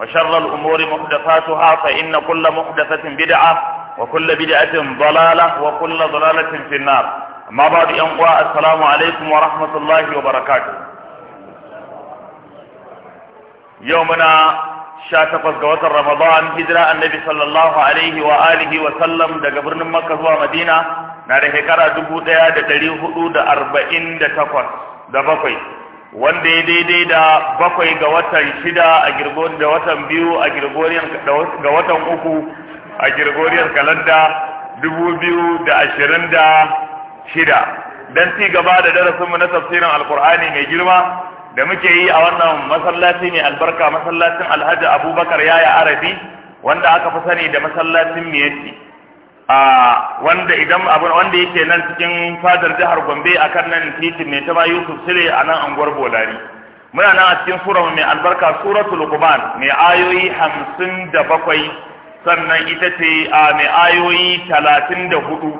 وشر الأمور محدثاتها فإن كل محدثة بدعة وكل بدعة ضلالة وكل ضلالة في النار أما بعد أنقوى السلام عليكم ورحمة الله وبركاته يومنا شاتفز قوات رمضان هجرة النبي صلى الله عليه وآله وسلم دا قبرنا مكة هو مدينة ناري هكرا دبو دا دا تليه دا أربعين دا تفر دا بقي wanda ya daidai da bakwai ga watan shida a girgon da watan biyu a girgoriyar ga watan uku a girgoriyar kalanda dubu biyu da ashirin da shida don ci gaba da darasinmu na tafsirin alkur'ani mai girma da muke yi a wannan masallaci mai albarka masallacin alhaji abubakar yaya arabi wanda aka fi sani da masallacin miyatti a wanda idan abin wanda yake nan cikin fadar jihar Gombe a kan nan titin mai ta Yusuf sire a nan anguwar Bolari muna nan a cikin sura mai albarka suratul Luqman mai ayoyi hamsin da bakwai sannan ita ce a mai ayoyi talatin da hudu,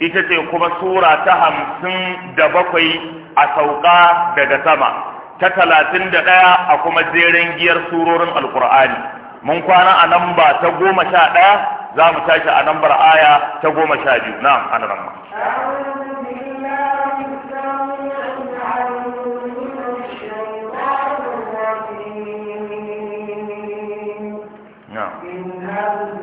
ita ce kuma sura ta hamsin da bakwai a sauka daga sama ta talatin da ɗaya a kuma zeren giyar surorin Alkur'ani mun kwana a lamba ta goma sha ɗaya za mu tashi a nambar aya ta goma sha biyu na an ramma Yeah.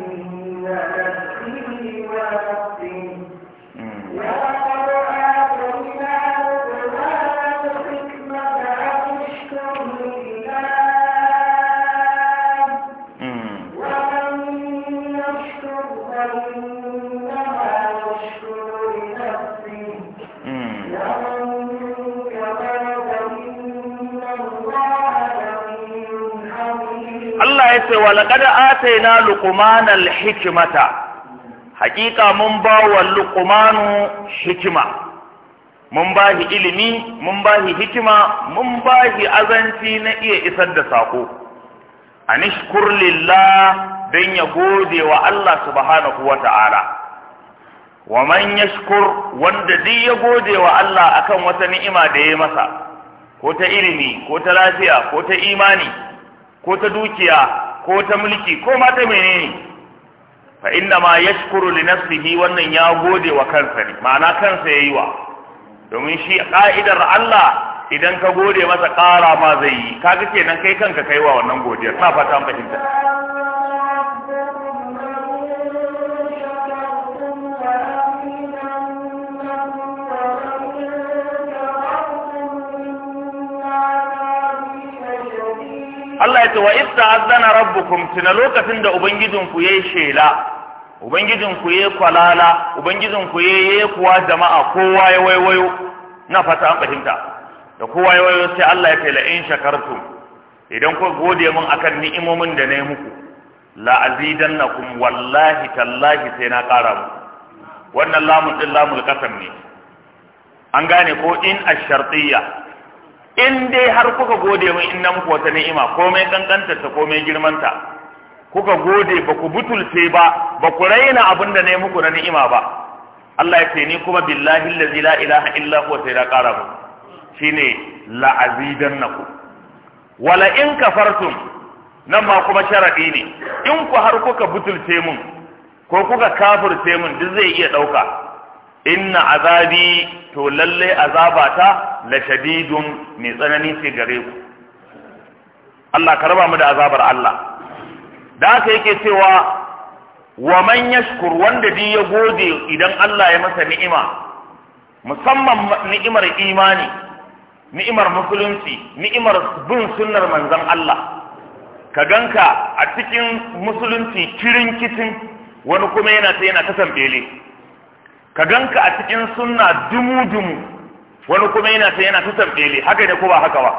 ce wa laqad atayna lukumanal hikimata? Hakika mun ba wa hikima mun ba shi ilimi mun ba shi hikima mun ba shi azanci na iya isar da sako anishkur lillah don ya gode wa Allah subhanahu wa ta'ala, wa man yashkur wanda duk ya gode wa Allah akan wata ni'ima da ya masa, ko ta ilimi, ko ta lafiya, ko ta imani, ko ta dukiya, ko ta mulki ko ma ta menene fa inna ma yashkuru li nafsihi wannan ya gode wa kansa ne ma'ana kansa yayi wa domin shi ka'idar Allah idan ka gode masa ƙara ma zai yi kaga kenan kai kanka kaiwa wannan godiyar ina fata fahimta Allah ya ce wa ista'azzana rabbukum tuna lokacin da ubangijin ku yayi shela ubangijinku yayi kwalala ubangijinku yayi kuwa jama'a kowa ya waiwayo na fata an fahimta da kowa ya waiwayo sai Allah ya ce la in shakartum idan ku gode mun akan ni'imomin da nayi muku la azidannakum wallahi tallahi sai na ƙara muku wannan lamun din lamul qasam ne an gane ko in ash-shartiyya in dai har kuka gode min in nan muku ta ni'ima komai kankanta ta komai girmanta kuka gode ba ku butulce ba ba ku raina abin da ne muku na ni'ima ba Allah ya ce ni kuma billahi allazi la ilaha illa huwa sai da ƙara mu shine la azidannakum wala in kafartum nan ma kuma sharadi ne in ku har kuka butulce mun ko kuka kafirce mun duk zai iya ɗauka. inna azabi to lalle azabata la shadidun mai tsanani ce gare ku Allah ka raba mu da azabar Allah da haka yake cewa wa man yashkur wanda bi ya gode idan Allah ya masa ni'ima musamman ni'imar imani ni'imar musulunci ni'imar bin sunnar manzon Allah ka ganka a cikin musulunci kirin kitin wani kuma yana ta yana kasan bele ka ganka a cikin sunna dumu dumu wani kuma yana ta yana tutar bele haka ne ko ba haka ba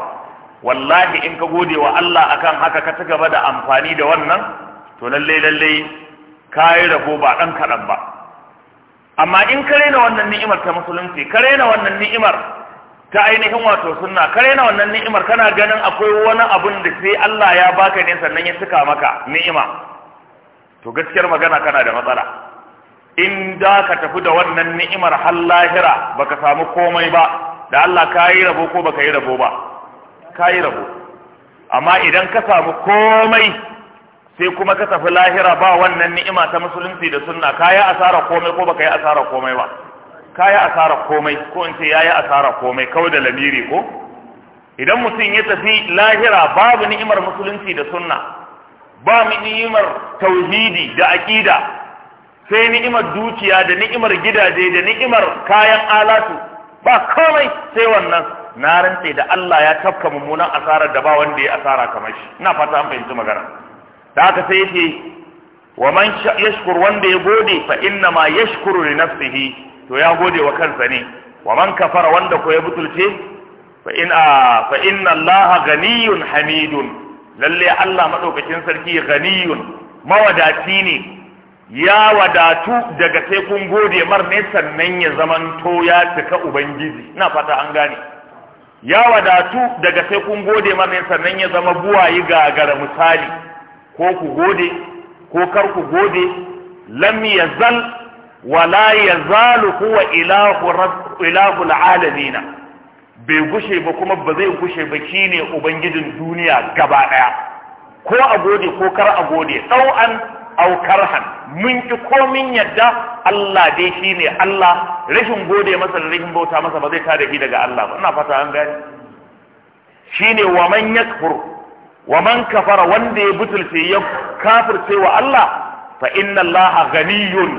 wallahi in ka gode wa Allah akan haka ka ci gaba da amfani da wannan to lalle lalle ka yi rabo ba dan kaɗan ba amma in ka rena wannan ni'imar ta musulunci ka rena wannan ni'imar ta ainihin wato sunna ka rena wannan ni'imar kana ganin akwai wani abun da sai Allah ya baka ne sannan ya cika maka ni'ima to gaskiyar magana kana da matsala in da ka tafi da wannan ni'imar har lahira baka samu komai ba da Allah ka yi rabo ko baka yi rabo ba ka yi rabo amma idan ka samu komai sai kuma ka tafi lahira ba wannan ni'ima ta musulunci da sunna ka yi asara komai ko baka yi asara komai ba ka yi asara komai ko in ce ya yi asara komai kawai da lamiri ko idan mutum ya tafi lahira babu ni'imar musulunci da sunna ba ni'imar tauhidi da aƙida sai ni'imar dukiya da ni'imar gidaje da ni'imar kayan alatu ba komai sai wannan na rantse da Allah ya tafka mummunan asarar da ba wanda ya asara kamar shi ina fata an fahimci magana da haka sai yake wa man yashkur wanda ya gode fa inna ma yashkuru li nafsihi to ya gode wa kansa ne wa man kafara wanda ko ya butulce fa in a fa inna Allah ganiyun hamidun lalle Allah madaukakin sarki ganiyun mawadaci ne ya wadatu daga tekun gode mar ne sannan ya zaman to ya cika ubangiji ina fata an gane ya wadatu daga tekun gode mar ne sannan ya zama buwayi gagara misali ko ku gode ko kar ku gode lam yazal wala yazalu huwa ilahu ilahu alalamin bai gushe ba kuma ba zai gushe ba shine ubangijin duniya gaba daya ko a gode ko kar a gode an. aw karhan mun ki komin yadda Allah dai shine Allah rashin gode masa da rashin bauta masa ba zai tada shi daga Allah ba ina fata an gani shine wa man yakfur wa man kafara wanda ya butulce ya kafirce wa Allah fa inna Allah ghaniyun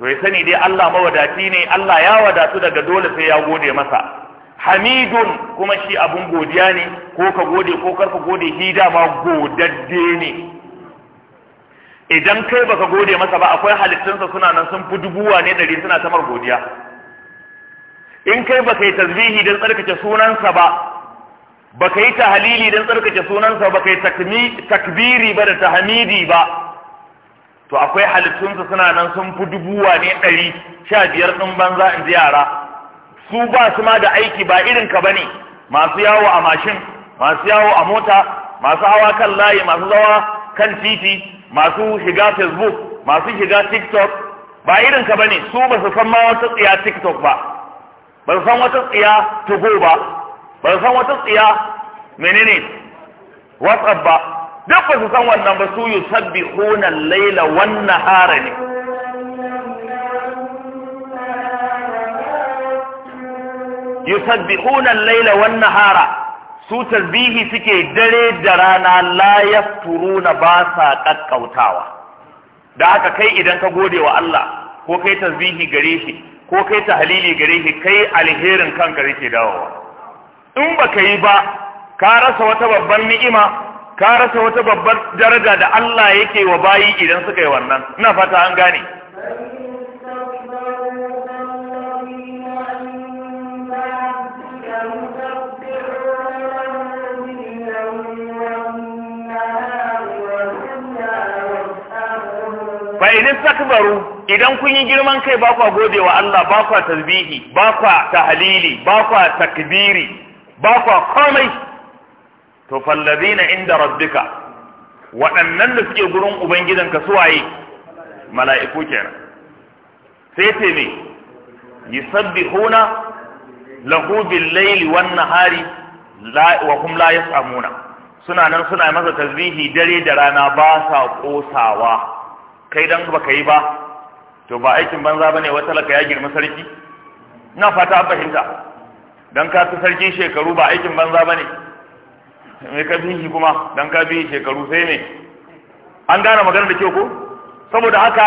to ya sani dai Allah mawadati ne Allah ya wadatu daga dole sai ya gode masa hamidun kuma shi abun godiya ne ko ka gode ko karka gode hida ma godadde ne idan kai baka gode masa ba akwai halittunsa suna nan sun fi dubuwa ne dari suna mar godiya in kai baka yi tasbihi don tsarkake sunansa ba baka yi tahalili don tsarkake sunansa baka yi takbiri ba da tahamidi ba to akwai halittunsa suna nan sun fi dubuwa ne dari sha biyar ɗin banza in ji yara su ba su ma da aiki ba irin ka bane masu yawo a mashin masu yawo a mota masu hawa kan layi masu zawa kan titi masu shiga facebook masu shiga tiktok ba irin ka bane su ba su san ma wata tsiya tiktok ba ba su san wata tsiya tugo ba ba su san wata tsiya menene whatsapp ba duk ba su san wannan ba su yi yusabbihuna al-laila wan nahara ne yusabbihuna al-laila wan nahara su tasbihi suke dare da rana la na ba sa kakkautawa da haka kai idan ka gode wa Allah ko kai tasbihi gare shi ko kai tahlili gare shi kai alherin kanka yake dawowa in baka yi ba ka rasa wata babbar ni'ima ka rasa wata babbar daraja da Allah yake wa bayi idan suka yi wannan ina fata an gane Idan takbaru idan kun yi girman kai ba kwa gode wa Allah ba kwa tasbihi ba kwa tahlili ba kwa takbiri ba kwa komai to fallazina inda rabbika waɗannan da suke gurin su waye mala'iku kenan sai ce me yusabbihuna lahu bil wan nahari wa hum la yasamuna suna nan suna masa tasbihi dare da rana ba sa kosawa kai dan baka yi ba to ba aikin banza bane wata laka ya girma sarki ina fata an fahimta dan ka fi sarki shekaru ba aikin banza bane me ka bi shi kuma dan ka bi shekaru sai me an gane magana da ke ko saboda haka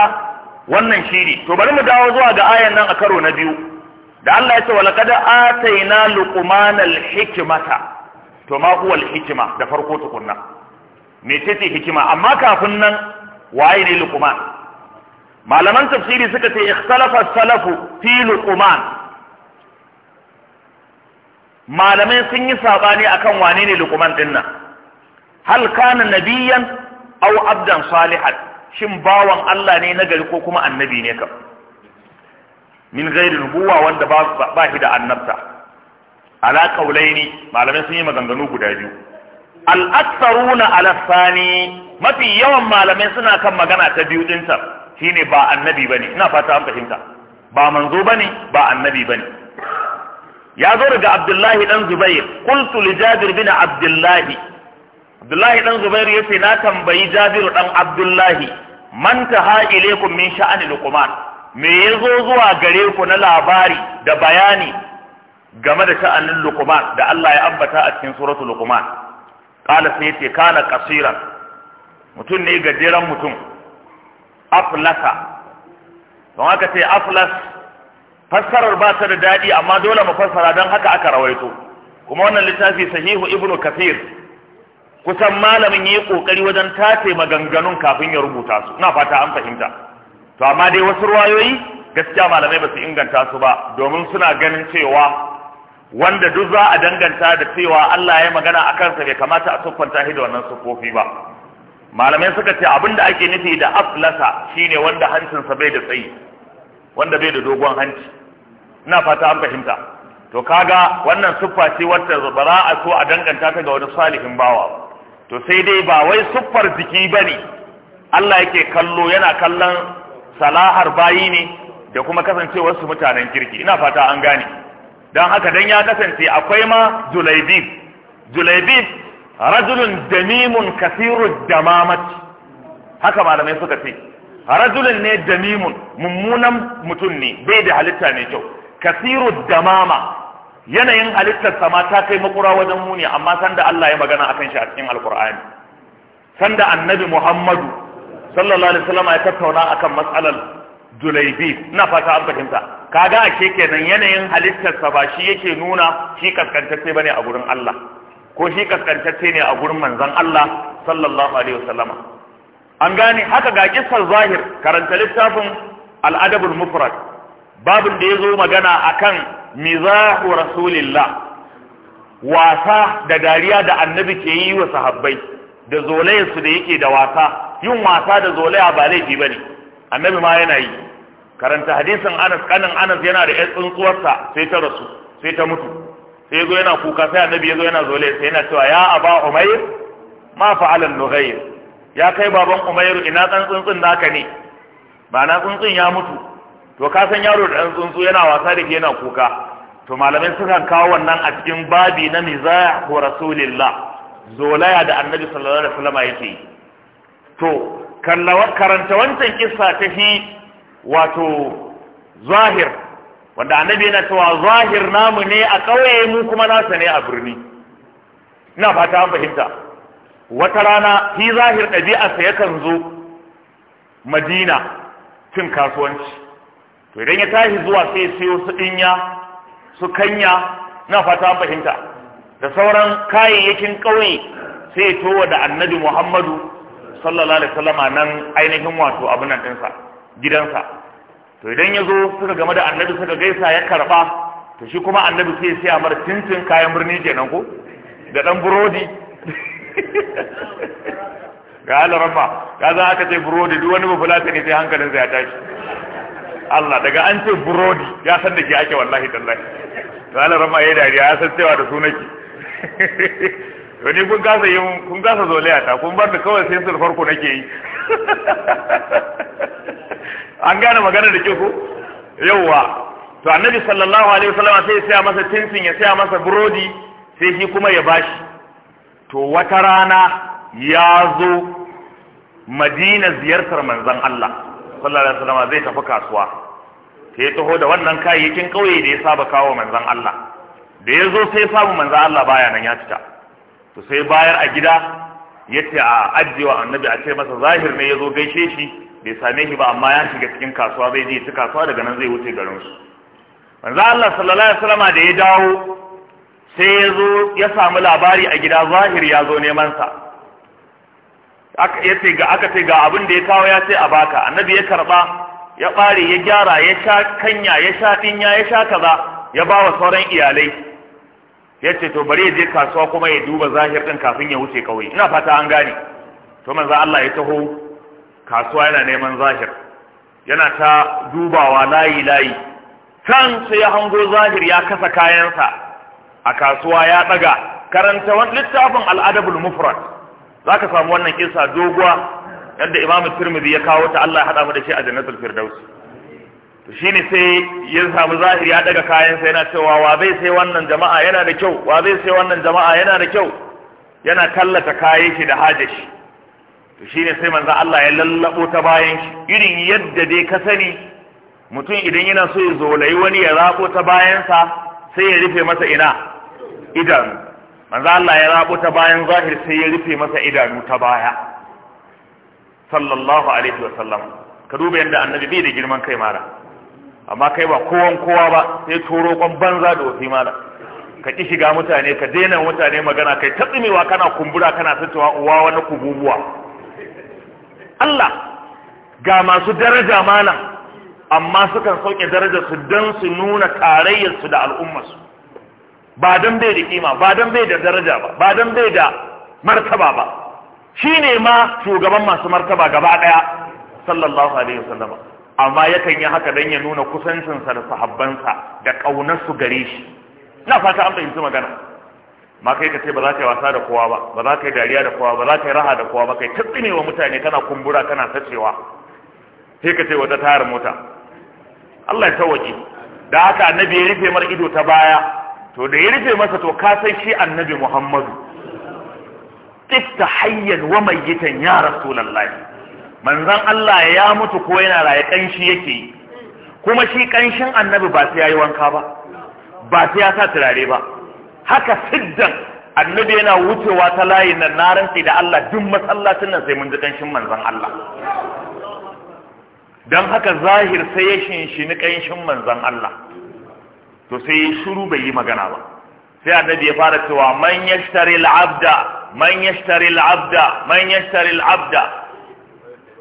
wannan shiri to bari mu dawo zuwa ga ayan nan a karo na biyu da Allah ya ce wa laqad atayna luqman al-hikmata to ma huwa al-hikma da farko tukunna me ce hikima amma kafin nan waye ne luqman malaman tafsiri suka ce ikhtalafa salafu fi luqman malamai sun yi sabani akan wane ne luqman din nan hal kana nabiyan aw abdan salihan shin bawan Allah ne gari ko kuma annabi ne kam min ghairi nubuwa wanda ba ba shi da annabta ala qaulaini malamai sun yi maganganu guda biyu al-aktharuna ala thani mafi yawan malamai suna kan magana ta biyu dinsa shine ba annabi bane ina fata an fahimta ba manzo bane ba annabi bane ya zo daga abdullahi dan zubair qultu li jabir bin abdullahi abdullahi dan zubair yace na tambayi jabiru dan abdullahi man taha ilaykum min sha'ani luqman me yazo zuwa gare ku na labari da bayani game da sha'anin luqman da Allah ya ambata a cikin suratul luqman qala sai yace kana qasiran mutum ne gajeren mutum aflasa don haka sai aflas fassarar ba ta da daɗi amma dole mu fassara don haka aka rawaito kuma wannan littafi sahihu ibnu kafir kusan malamin yi kokari wajen tace maganganun kafin ya rubuta su ina fata an fahimta to amma dai wasu ruwayoyi gaskiya malamai ba su inganta su ba domin suna ganin cewa wanda duk za a danganta da cewa Allah ya magana a kansa bai kamata a siffanta shi da wannan sufofi ba malamai suka ce abinda ake nufi da aflasa shine wanda hancinsa bai da tsayi wanda bai da dogon hanci ina fata an fahimta to kaga wannan siffa ce wacce ba a so a danganta ta ga wani salihin bawa to sai dai ba wai suffar jiki bane Allah yake kallo yana kallon salahar bayi ne da kuma kasancewar su mutanen kirki ina fata an gane dan haka dan ya kasance akwai ma julaibib julaibib rajulun damimun kasirud damamati haka malamai suka ce rajulun ne damimun mummunan mutum ne bai da halitta ne kyau kasirud damama yanayin halittar sama ta kai makura wajen muni amma sanda Allah ya magana akan shi a cikin alkur'ani sanda annabi Muhammadu sallallahu alaihi wasallam ya tattauna akan matsalar dulaibi ina fata an fahimta kaga ashe kenan yanayin halittar sa ba shi yake nuna shi kaskantacce bane a gurin Allah ko shi kaskantacce ne a gurin manzon Allah sallallahu alaihi wasallama an gane haka ga kissar zahir karanta littafin al-adabul mufrad babin da yazo magana akan mizahu rasulillah wasa da dariya da annabi ke yi wa sahabbai da zolayansu da yake da wasa yin wasa da zolaya ba laifi bane annabi ma yana yi karanta hadisin Anas kanin Anas yana da ƴan tsuntsuwarsa sai ta rasu sai ta mutu sai zo yana kuka sai annabi ya zo yana zole sai yana cewa ya aba umayr ma fa'ala nughayr ya kai baban umayr ina dan tsuntsun naka ne ba na tsuntsun ya mutu to ka san yaro da dan tsuntsu yana wasa da yana kuka to malamai suka kawo wannan a cikin babi na mizaya ko rasulillah zolaya da annabi sallallahu alaihi wasallam yake yi to karanta wancan kissa ta fi wato zahir wanda annabi yana cewa zahir namu ne a ƙauye mu kuma nasa ne a birni ina fata an fahimta wata rana fi zahir ɗabi'arsa yakan zo madina cin kasuwanci to idan ya tashi zuwa sai siyo su ɗinya su kanya ina fata an fahimta da sauran kayayyakin ƙauye sai ya towa da annabi muhammadu sallallahu alaihi wasallama nan ainihin wato abin nan ɗinsa gidansa to idan ya zo suka game da annabi suka gaisa ya karba to shi kuma annabi sai siya mara cincin kayan birni kenan ko da dan burodi ga alarama ka za aka ce burodi duk wani bafulata ne sai hankalin zai tashi Allah daga an ce burodi ya san da ke ake wallahi tallahi to alarama ya dariya ya san cewa da sunaki wani kun kasa yin kun kasa zolaya ta kun bar da kawai sai sulfar ku nake yi an gane magana da ke ko to annabi sallallahu alaihi wasallam sai ya saya masa tinsin ya saya masa burodi sai shi kuma ya bashi to wata rana ya zo madina ziyartar manzon Allah sallallahu alaihi wasallam zai tafi kasuwa sai ya taho da wannan kayayyakin kauye da ya saba kawo manzon Allah da ya zo sai ya samu manzon Allah baya nan ya fita to sai bayar a gida yace a ajiyewa annabi a ce masa zahir ne ya zo gaishe shi bai same shi ba amma ya shiga cikin kasuwa zai je ci kasuwa daga nan zai wuce garin su manzo Allah sallallahu alaihi wasallama da ya dawo sai ya zo ya samu labari a gida zahiri ya zo neman sa aka yace ga aka ce ga abin da ya kawo ya ce a baka annabi ya karba ya bare ya gyara ya sha kanya ya sha dinya ya sha kaza ya ba wa sauran iyalai yace to bari ya je kasuwa kuma ya duba zahir ɗin kafin ya wuce kauye ina fata an gane to manzo Allah ya taho kasuwa yana neman zahir yana ta dubawa layi layi can sai ya hango zahir ya kasa kayansa a kasuwa ya daga karanta wani littafin al'adabul Za zaka samu wannan kisa doguwa yadda imamu tirmidhi ya kawo ta Allah ya haɗa mu da shi a jannatul firdaus to ne sai ya samu zahir ya daga kayansa yana cewa wa zai sai wannan jama'a yana da kyau wa zai sai wannan jama'a yana da kyau yana tallata kayan shi da shi. shi ne sai manzo Allah ya lallabo ta bayan shi irin yadda dai ka sani mutum idan yana so ya zolayi wani ya rabo ta bayansa sai ya rufe masa ina idanu manzo Allah ya rabo ta bayan zahir sai ya rufe masa idanu ta baya sallallahu alaihi wasallam ka duba yadda annabi bai da girman kai mara amma kai ba kowan kowa ba sai toro kon banza da wasi mara ka ki shiga mutane ka daina mutane magana kai tatsimewa kana kumbura kana sattawa uwa wani kububuwa Allah ga masu daraja mana amma sukan sauke su don su nuna tarayyarsu da al'ummarsu ba don bai da kima ba don bai da daraja ba ba don bai da martaba ba shi ne ma shugaban masu martaba gaba ɗaya sallallahu alaihi wasallama amma yakan yi haka don ya nuna kusancinsa da sahabbansa da ƙaunarsu gare shi na fata an fahimci magana ma kai ka ce ba za ka yi wasa da kowa ba ba za ka yi dariya da kowa ba za ka yi raha da kowa ba kai ta tsinewa mutane kana kumbura kana sacewa sai ka ce wata tayar mota Allah ya tawaki da haka annabi ya rufe mar ido ta baya to da ya rufe masa to ka san shi annabi Muhammadu tifta hayyan wa mayyitan ya rasulullahi manzon Allah ya mutu ko yana raye kanshi yake yi kuma shi kanshin annabi ba sai yayi wanka ba ba sai ya sa turare ba haka siddan annabi yana wucewa ta layin nan na rantsi da Allah duk masallacin nan sai mun ji kanshin manzon Allah dan haka zahir sai ya shinshini kanshin manzon Allah to sai ya shiru bai yi magana ba sai annabi ya fara cewa man yashtari al-abda man yashtari al-abda man yashtari al-abda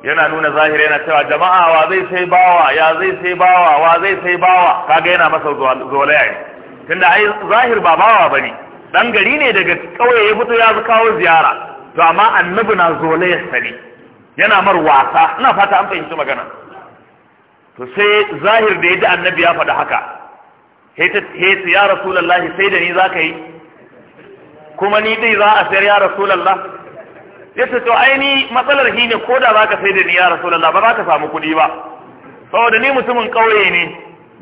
yana nuna zahiri yana cewa jama'a wa zai sai bawa ya zai sai bawa wa zai sai bawa kaga yana masa zolaya tunda ai zahir ba bawa bane dan gari ne daga kauye ya fito ya zo kawo ziyara to amma annabi na zole ya sani yana mar wasa ina fata an fahimci magana to sai zahir da yadda annabi ya faɗi haka hei ya rasulullahi sai da ni za ka yi kuma ni dai za a sayar ya rasulallah ya ce to aini matsalar shi ne ko da za ka sai da ni ya rasulallah ba za ka samu kuɗi ba saboda ni mutumin ƙauye ne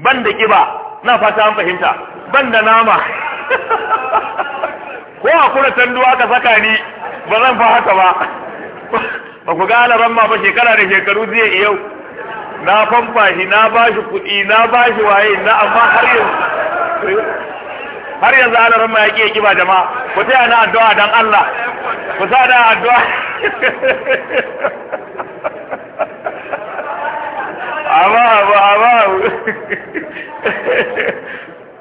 ban da ƙiba na fata an fahimta ban da nama ko a kura tanduwa ka saka ni ba zan fa haka ba ba ku gane alaran ma ba shekara da shekaru zai yau na famfa shi na ba shi kuɗi na ba shi waye na amma har yanzu har yanzu ran ma ya ƙi ƙiba jama'a ku taya na addu'a dan Allah ku sa da addu'a amma amma amma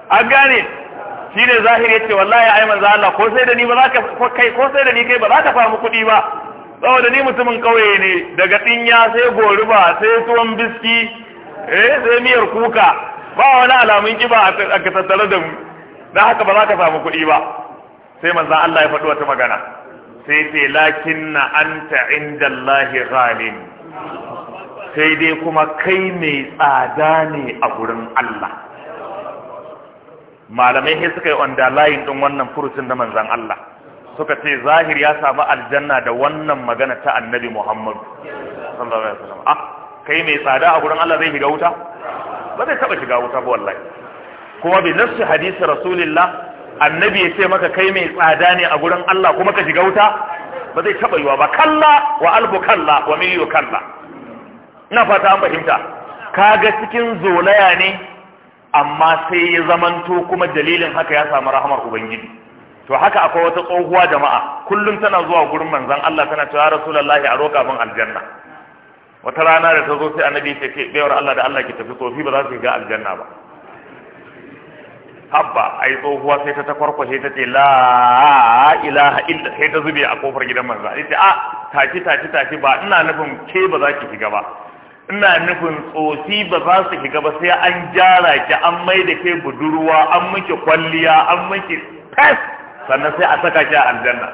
an gane shi ne zahiri ya ce wallahi ai manzo Allah ko sai da ni ba za ka kai ko sai da ni kai ba za ka samu kuɗi ba saboda ni mutumin kauye ne daga tinya sai goruba sai tuwon biski eh sai miyar kuka ba wani alamun kiba a ka tattare da mu dan haka ba za ka samu kuɗi ba sai manzo Allah ya faɗi wata magana sai ce lakinna anta indallahi ghalin sai dai kuma kai mai tsada ne a gurin Allah malamai sai suka yi underline din wannan furucin da manzon Allah suka ce zahir ya samu aljanna da wannan magana ta annabi Muhammad sallallahu alaihi wasallam ah kai mai tsada a gurin Allah zai shiga wuta ba zai taba shiga wuta ba wallahi kuma bi nafsi hadisi rasulullah annabi ya ce maka kai mai tsada ne a gurin Allah kuma ka shiga wuta ba zai taba yiwa ba kalla wa albu kalla wa miliyu kalla ina fata an fahimta kaga cikin zolaya ne amma sai ya zamanto kuma dalilin haka ya samu rahamar ubangiji to haka akwai wata tsohuwa jama'a kullum tana zuwa gurin manzon Allah tana cewa rasulullahi a roƙa min aljanna wata rana da ta zo sai annabi ya ce bayar Allah da Allah ki tafi tsofi ba za su ga aljanna ba habba ai tsohuwa sai ta takwarkwashe ta ce la ilaha illa sai ta zube a kofar gidan manzo ce a ah, tafi tafi tafi ba ina nufin ke ba za ki shiga ba ina nufin tsotsi ba za su shiga ba sai an gyara ki an mai da ke budurwa an miki kwalliya an miki tas sannan sai a saka ki a aljanna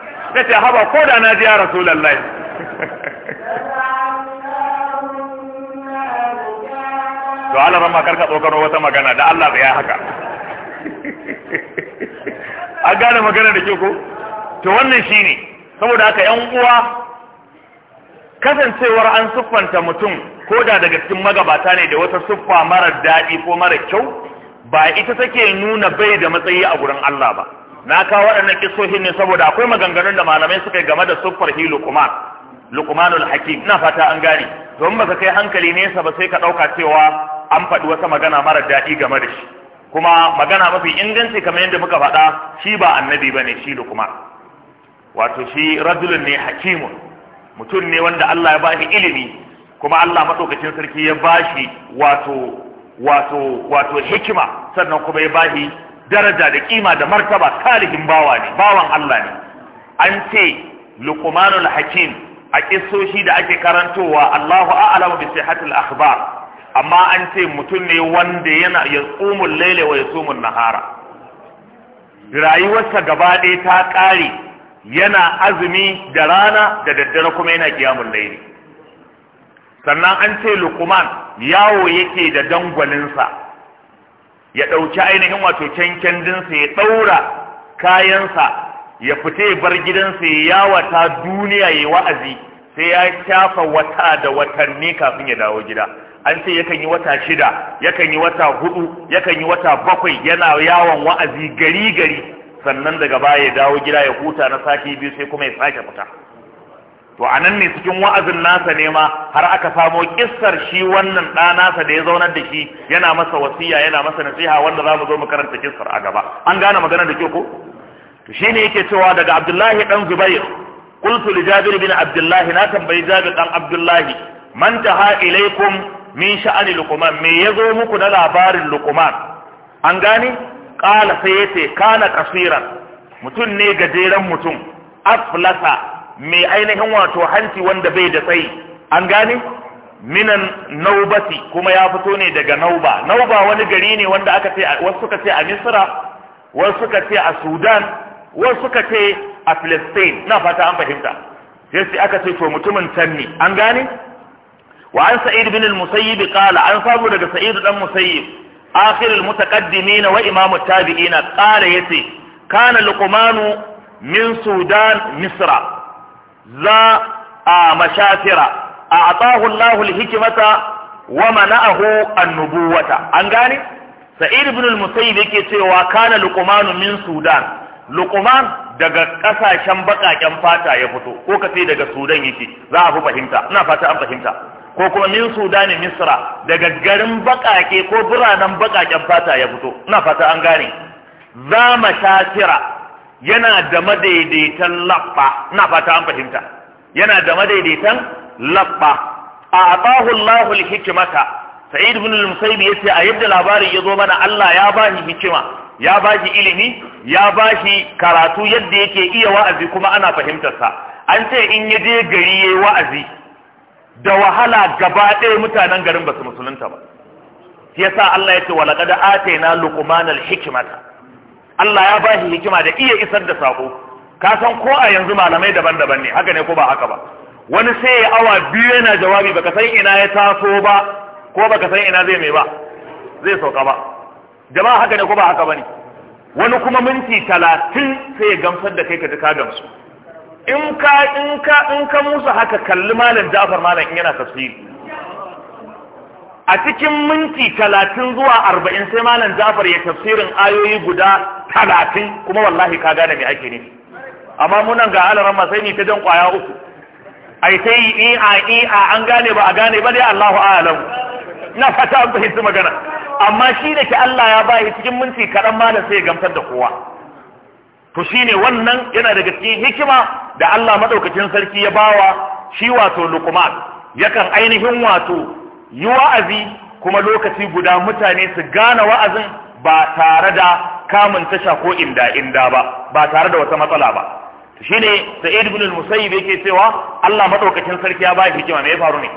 ce haba ko da na ji ya lallai. to Allah ba makar ka tsokano wata magana da Allah ya haka a gane magana da ke ko to wannan shi ne saboda haka yan uwa kasancewar an siffanta mutum ko da daga cikin magabata ne da wata siffa mara daɗi ko mara kyau ba ita take nuna bai da matsayi a gurin Allah ba na kawo waɗannan kisohin ne saboda akwai maganganun da malamai suka yi game da siffar hi luqman luqmanul hakim Ina fata an gane don baka kai hankali nesa ba sai ka ɗauka cewa an faɗi wata magana mara daɗi game da shi kuma magana mafi inganci kamar yadda muka faɗa shi ba annabi ba ne shi luqman wato shi rajulun ne hakimun mutum ne wanda Allah ya ba shi ilimi kuma Allah madaukakin sarki ya bashi wato wato wato hikima sannan kuma ya bashi daraja da kima da martaba salihin bawa ne bawan Allah ne an ce luqmanul hakim a kissoshi da ake karantowa Allahu a'lamu bi sihhatil akhbar amma an ce mutum ne wanda yana ya tsumul laila wa yasumun nahara rayuwarsa gaba ɗaya ta ƙare yana azumi da rana da daddare kuma yana kiyamun laili sannan an ce lukuman yawo yake da dangwalinsa ya ɗauki ainihin wato canken dinsa ya ɗaura kayansa ya fita bar gidansa ya yawata duniya ya wa'azi sai ya shafa wata da watanni kafin ya dawo gida an ce yakan yi wata shida yakan yi wata hudu yakan yi wata bakwai yana yawon wa'azi gari gari sannan daga baya ya dawo gida ya huta na sati biyu sai kuma ya sake fita to a nan ne cikin wa'azin nasa ne ma har aka samo kissar shi wannan ɗa nasa da ya zaunar da shi yana masa wasiya yana masa nasiha wanda za mu zo mu karanta kissar a gaba an gane magana da ke ko to shine yake cewa daga abdullahi dan zubair qultu li jabir bin abdullahi na tambayi jabir dan abdullahi man taha ilaikum min sha'ani luqman me yazo muku na labarin luqman an gane qala sai yace kana kasiran mutum ne gajeren mutum aflasa mai ainihin wato hanci wanda bai da tsayi an gane minan naubati kuma ya fito ne daga nauba nauba wani gari ne wanda aka ce wasu suka ce a misra wasu suka ce a sudan wasu suka ce a palestine na fata an fahimta sai aka ce to mutumin can ne an gane wa an sa'id bin al-musayyib qala an samu daga sa'id dan musayyib akhir al-mutaqaddimin wa imam at-tabi'in qala yace kana luqmanu min sudan misra za a mashafira a atahu Allahul hikimata wa mana'ahu annubuwata an gane sa'id ibn al-musayyib yake cewa kana luqman min sudan luqman daga kasashen bakaken fata ya fito ko kace daga sudan yake za a fi fahimta ina fata an fahimta ko kuma min sudan misra daga garin bakake ko biranen bakaken fata ya fito ina fata an gane za mashafira yana da madaidaitan labba ina fata an fahimta yana da madaidaitan labba a atahu Allahul hikimata Sa'id ibn al-Musayyib yace a yadda labarin ya zo mana Allah ya bashi hikima ya bashi ilimi ya bashi karatu yadda yake iya wa'azi kuma ana fahimtar sa an ce in ya je gari yayi wa'azi da wahala gaba ɗaya mutanen garin ba su musulunta ba yasa Allah yace wa laqad atayna luqmanal hikmata Allah ya bashi hikima da iya isar da sako ka san ko a yanzu malamai daban-daban ne haka ne ko ba haka ba wani sai ya awa biyu yana jawabi baka san ina ya taso ba ko baka san ina zai mai ba zai sauka ba jama'a haka ne ko ba haka ba ne? wani kuma minti talatin sai ya gamsar da kai ka ji ka gamsu in ka in ka in ka musu haka kalli malam Jafar malam in yana tafsiri a cikin minti talatin zuwa arba'in sai malam jafar ya tafsirin ayoyi guda talatin kuma wallahi ka gane me ake nufi amma munan ga alaran masai ne ta jan kwaya uku ai ta yi iya a an gane ba a gane ba dai allahu alam na fata an fahimci magana amma shi da ke allah ya bayi cikin minti kaɗan malam sai ya gamsar da kowa to shine wannan yana daga cikin hikima da allah maɗaukacin sarki ya bawa shi wato lukuman yakan ainihin wato yi wa'azi kuma lokaci guda mutane su gane wa'azin ba tare da kamun tasha ko inda inda ba ba tare da wata matsala ba Shi shine sa'id ibn musayi musayyib yake cewa Allah matsaukacin sarki ya ba shi hikima mai faru ne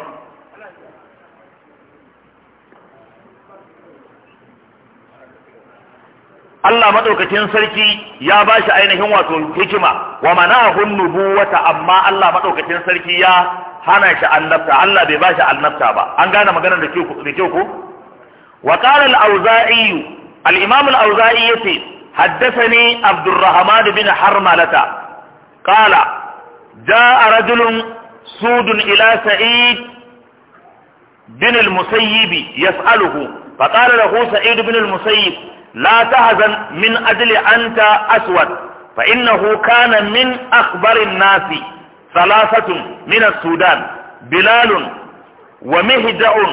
Allah maɗaukacin sarki ya ba shi ainihin wato hikima wa mana hunnubu wata, amma Allah matsaukacin sarki ya hana shi annabta Allah bai ba shi annabta ba an gane maganar da kyau da kyau ko wa qala al-auza'i al-imam al-auza'i yace haddathani abdurrahman bin harmalata qala jaa rajulun sudun ila sa'id bin al-musayyib yas'aluhu fa qala lahu sa'id bin al-musayyib la tahzan min ajli anta aswad fa innahu kana min akhbarin nasi salasatun min sudan bilalun wa mihda'un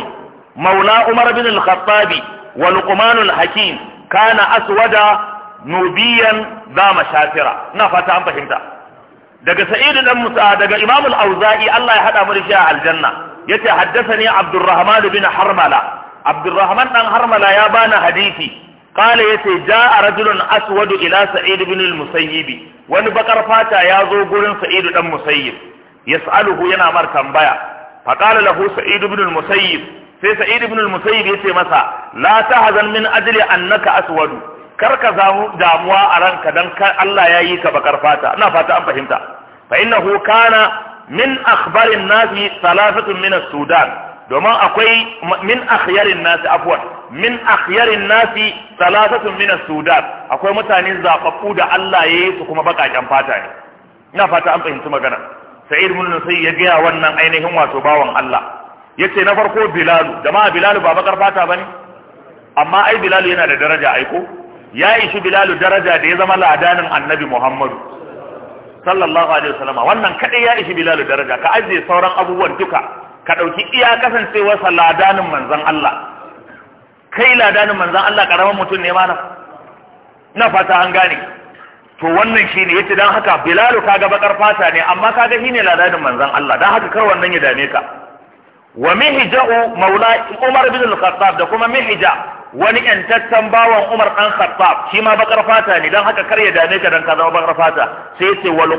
maula umar bin al-khattab wa luqman al-hakim kana aswada nubiyan za ina fata an fahimta daga sa'idu dan musa daga imamul al-auza'i Allah ya hada mu da shi a aljanna yace ne abdulrahman bin harmala abdulrahman dan harmala ya bani hadisi ce yace a rajulun aswadu ila sa'id ibn al-musayyib wani bakar fata ya zo gurin sa'id dan musayyib yas'aluhu yana mar tambaya fa qala lahu sa'id ibn al-musayyib sai sa'id ibn al-musayyib yace masa la tahzan min ajli annaka aswadu kar ka zamu damuwa a ranka dan Allah ya yi ka bakar fata ina fata an fahimta fa innahu kana min akhbarin nasi salafatun min as-sudan domin akwai min akhyarin nasi afwan min akhyarin nasi salatatun min sudan akwai mutane zababbu da Allah yayi su kuma bakaken fata ne ina fata an fahimci magana sa'id ibn nusayyib ya ga wannan ainihin wato bawan Allah yace na farko bilal jama'a bilal ba bakar fata bane amma ai bilal yana da daraja aiko ya ishi bilal daraja da ya zama ladanin annabi muhammadu sallallahu alaihi wasallam wannan kadai ya ishi bilal daraja ka ajiye sauran abubuwan duka ka ɗauki iya kasancewarsa ladanin manzan Allah kai ladanin manzan Allah ƙaramin mutum ne mana na fata an gane to wannan shi ne yace don haka bilalu ga bakar fata ne amma ka ga ne ladanin manzan Allah don haka kar wannan ya dame ka wa mihja'u maula Umar bin al-Khattab da kuma mihja wani yantattan bawan Umar dan Khattab shi ma bakar fata ne don haka kar ya dame ka dan ka zama bakar fata sai yace wal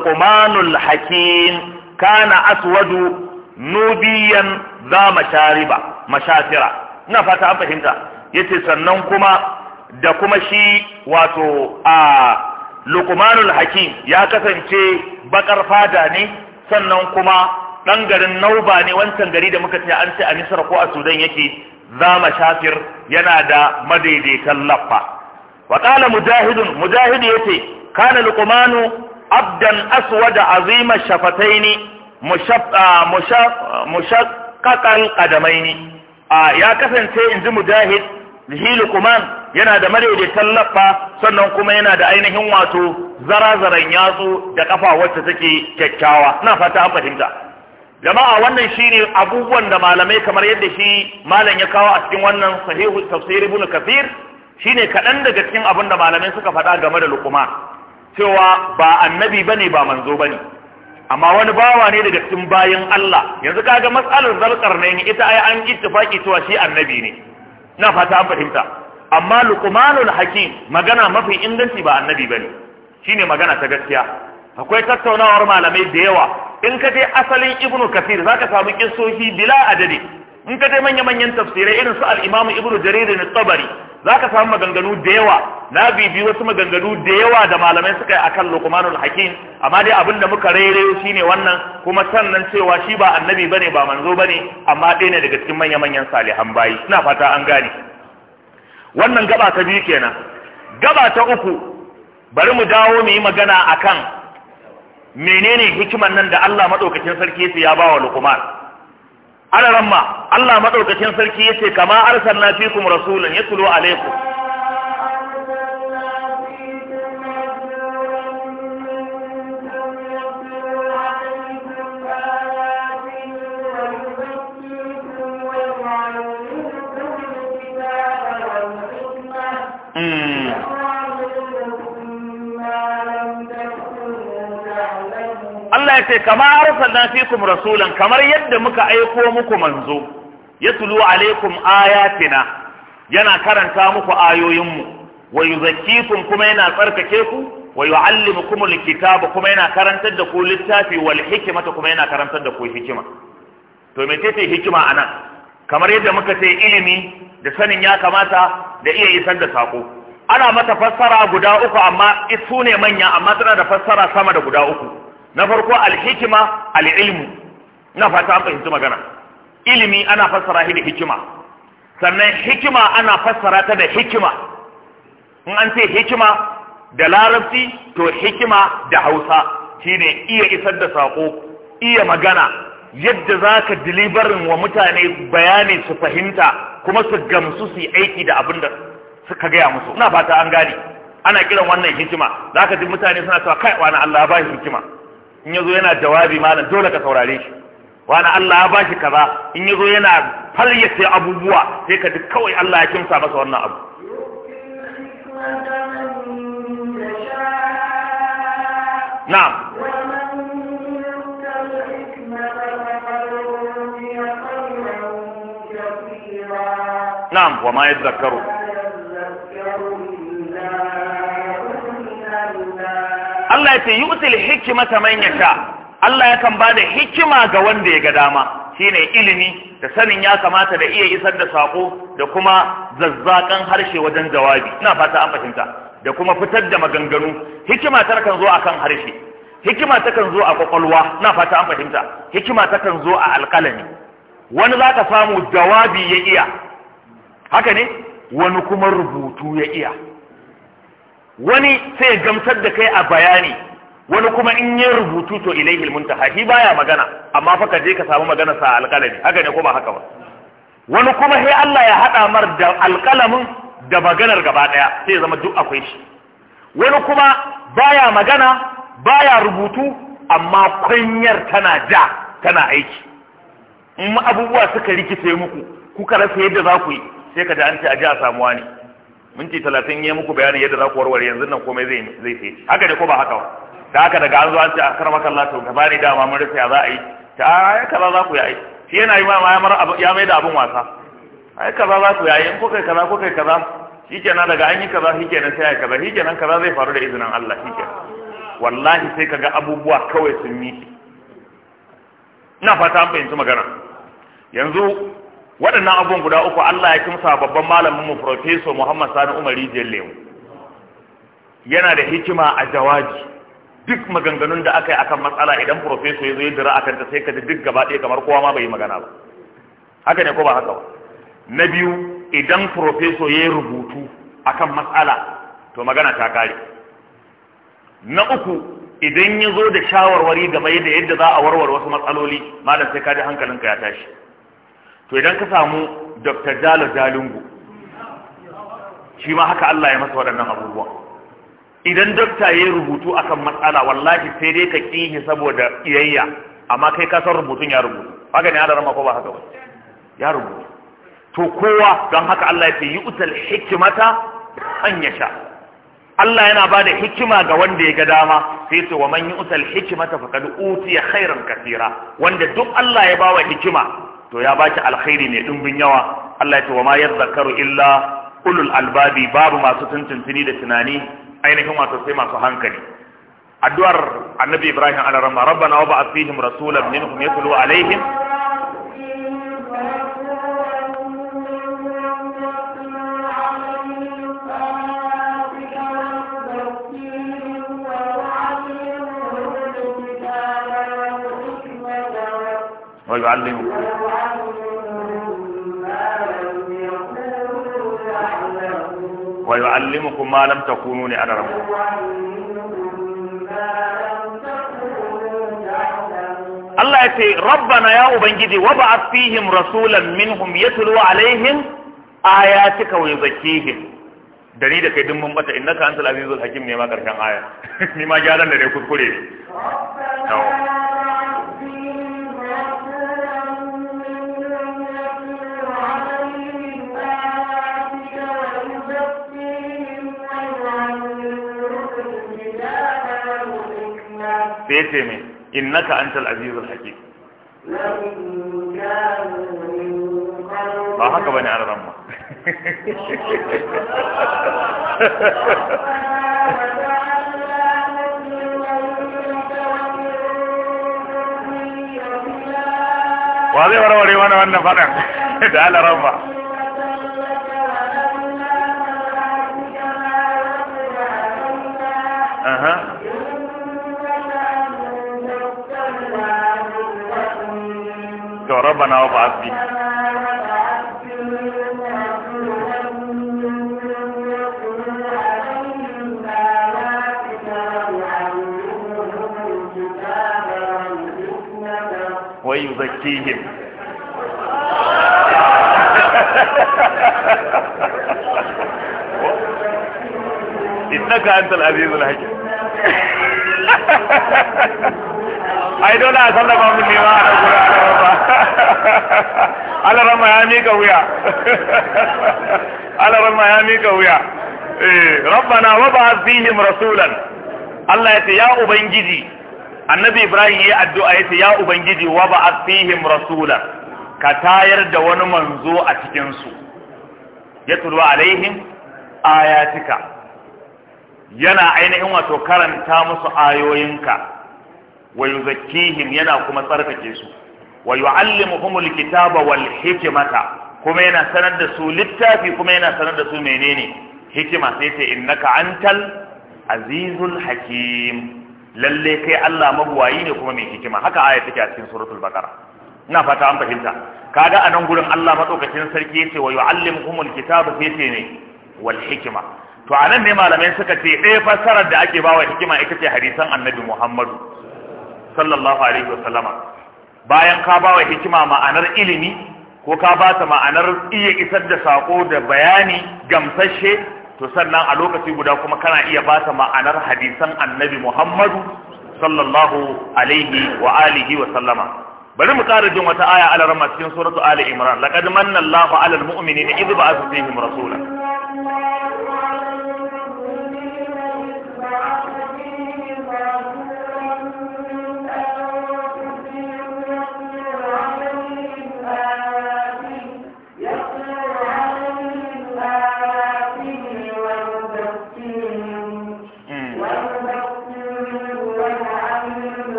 hakim kana aswadu nubiyan za mashariba mashafira ina fata an fahimta yace sannan kuma da kuma shi wato a luqmanul hakim ya kasance bakar fada ne sannan kuma dan garin nauba ne wancan gari da muka ce an ce a misra ko a sudan yake za mashafir yana da madaidaitan laffa wa qala mujahidun mujahid yace kana luqmanu abdan aswada azima shafataini Ah, mushaqqaqal qadamaini ah, ya kasance inji mujahid zihilu kuman yana da madaidaitan laffa sannan kuma yana da ainihin wato zara zara-zaran yatsu da kafa wacce take kyakkyawa na fata an fahimta jama'a wannan shine abubuwan da malamai kamar yadda shi malam ya kawo a cikin wannan sahihu tafsir ibn kathir shine kaɗan daga cikin abin da malamai suka faɗa game da lukuma cewa ba annabi bane ba manzo bane amma wani bawa ne daga cikin bayan Allah yanzu kaga mas'alar ne ita ai an ittifaki cewa shi annabi ne na fata an fahimta amma luqmanul hakim magana mafi inganci ba annabi bane shine magana ta gaskiya akwai tattaunawar malamai da yawa in ka je asalin ibnu kathir zaka samu kissoshi bila adadi in ka je manya-manyan tafsirai irin su al'imamu ibnu jarir na tsabari za ka samu maganganu da yawa na bibi wasu maganganu da yawa da malamai suka yi a kan lokumanul hakim amma dai abin da muka rairayo shine wannan kuma sannan cewa shi ba annabi bane ba manzo bane amma ɗaya ne daga cikin manya-manyan salihan bayi ina fata an gane wannan gaba ta biyu kenan gaba ta uku bari mu dawo mu yi magana akan menene hikimar nan da Allah madaukakin sarki ya ba wa lukuman ramma Allah madaukakin sarki yace kama arsalna fikum rasulan yatlu alaikum Allah ya ce kama arsalna fikum rasulan kamar yadda muka aiko muku manzo yatlu alaikum ayatina yana karanta muku ayoyinmu wa yuzakkikum kuma yana tsarkake ku wa yuallimukum alkitaba kuma yana karantar da ku littafi wal hikmata kuma yana karantar da ku hikima to me ce hikima anan kamar yadda muka ce ilimi da sanin ya kamata da iya isar da sako ana mata fassara guda uku amma su ne manya amma tana da fassara sama da guda uku na farko alhikima al'ilmu na fata an fahimci magana ilimi ana fassara shi da hikima sannan hikima ana fassara ta da hikima in an ce hikima da larabci to hikima da hausa shine iya isar da saƙo iya magana yadda za ka dilibarin wa mutane bayani su fahimta kuma su gamsu su yi aiki da abin da suka gaya musu ina fata an gane ana kiran wannan hikima za ka ji mutane suna cewa kai wani Allah ba hikima in yazo yana jawabi malam dole ka saurare shi wani Allah ya bashi kaza in yazo yana falyace abubuwa sai ka duk kawai Allah ya kimsa masa wannan abu na'am نعم وما يذكروا Allah ya ce yu'til ta manya sha. Allah yakan da hikima ga wanda ya ga dama shine ilimi da sanin ya kamata da iya isar da sako da kuma zazzakan harshe wajen jawabi ina fata an fahimta da kuma fitar da maganganu hikima ta kan zo akan harshe hikima ta kan zo a kwakwalwa ina fata an fahimta hikima ta kan zo a alƙalami wani za ka samu jawabi ya iya haka ne wani kuma rubutu ya iya wani sai ya gamsar da kai a bayani wani kuma in ya rubutu to ilaihi muntaha shi baya magana amma fa ka je ka samu magana sa alƙalami haka ne ko ba haka ba wani kuma sai Allah ya haɗa mar da alƙalamin da maganar gaba ɗaya sai ya zama duk akwai shi wani kuma baya magana baya rubutu amma kunyar tana ja tana aiki in abubuwa suka rikice muku kuka rasa yadda za ku yi sai ka ji an ce a ji a samuwa ne minti talatin ya muku bayanin yadda za ku warware yanzu nan komai zai zai sai haka ne ko ba haka ba da haka daga an zo an ce a karama kalla to bani da dama mun rufe za a yi ta ya kaza za ku yi shi yana yi ma ya mai da abin wasa ai kaza za ku yi in kai kaza ko kai kaza shikenan daga an yi kaza shikenan sai ai kaza nan kaza zai faru da izinin Allah shikenan wallahi sai kaga abubuwa kawai sun yi. ina fata an fahimci magana yanzu waɗannan abun guda uku Allah ya kimsa babban malamin mu professor Muhammad Sani Umar Rijiyar yana da hikima a jawabi duk maganganun da aka yi akan matsala idan professor ya zo ya dira akan ta sai ka ji duk gaba ɗaya kamar kowa ma bai yi magana ba haka ne ko ba haka ba na biyu idan professor ya yi rubutu akan matsala to magana ta kare na uku idan ya zo da shawarwari game da yadda za a warware wasu matsaloli malam sai ka ji hankalinka ya tashi to idan ka samu dr jalo jalingo shi ma haka Allah ya masa waɗannan abubuwa idan dokta ya rubutu akan matsala wallahi sai dai ka kihi saboda iyayya amma kai ka san rubutun ya rubutu haka ne ya ko ba haka ba ya rubutu to kowa don haka Allah ya fi yi utal hikimata an ya sha Allah yana ba da hikima ga wanda ya ga dama sai ce wa man yi utal hikimata fa kadu utiya khairan kasira. wanda duk Allah ya bawa hikima to ya baki alkhairi ne dumbin yawa Allah ya ce wa ma yadhakkaru illa ulul albabi babu masu tuntuntuni da tunani ainihin masu sai masu hankali addu'ar annabi ibrahim rahma rabbana wa ba'ath fihim rasulan minhum yatlu alaihim ويعلمكم wa yu'allimukum ma lam takunu ni ana rabbukum Allah ya ce rabbana ya ubangiji wa ba'ath fihim rasulan minhum yatlu alaihim ayatika wa yuzakkihim da ni da kai dun mun bata innaka antal azizul hakim ne ma karshen aya ni ma gyaran da ne kuskure sai ya ce mai innaka antal azizul hakim ba haka bane a ramma wa zai warware mana wannan faɗan da alaran ba Uh-huh. تو ربنا وبعث بي ويزكيهم إنك أنت العزيز الحكيم ai dole a sallama mun nema a nan Allah alarama alarama ya mika wuya alarama ya mika wuya Eh, rabbana wa ba'ath fihim rasulan Allah ya ce ya ubangiji annabi Ibrahim yayi addu'a ya ce ya ubangiji wa ba'ath fihim rasulan ka tayar da wani manzo a cikin su turu alaihim ayatika yana ainihin wato karanta musu ayoyinka wa yuzakkihim yana kuma tsarkake su wa yu'allimuhumul kitaba wal hikmata kuma yana sanar da su littafi kuma yana sanar da su menene hikima sai ce innaka antal azizul hakim lalle kai Allah mabuwayi ne kuma mai hikima haka aya take a cikin suratul baqara ina fata an fahimta kaga a nan gurin Allah madaukakin sarki yace wa yu'allimuhumul kitaba sai ce ne wal hikma to anan ne malamai suka ce ɗaya eh, fassarar da ake bawa hikima ita ce hadisan annabi Muhammadu sallallahu alaihi wasallama bayan ka ba wa hikima ma'anar ilimi ko ka ba ta ma'anar iya isar da sako da bayani gamsashe to sannan a lokaci guda kuma kana iya ba ta ma'anar hadisan annabi muhammadu sallallahu alaihi wa alihi wa sallama bari mu ƙara jin wata aya ala rama cikin suratu ali imran laqad manna allahu ala almu'minina idh ba'atha fihim rasula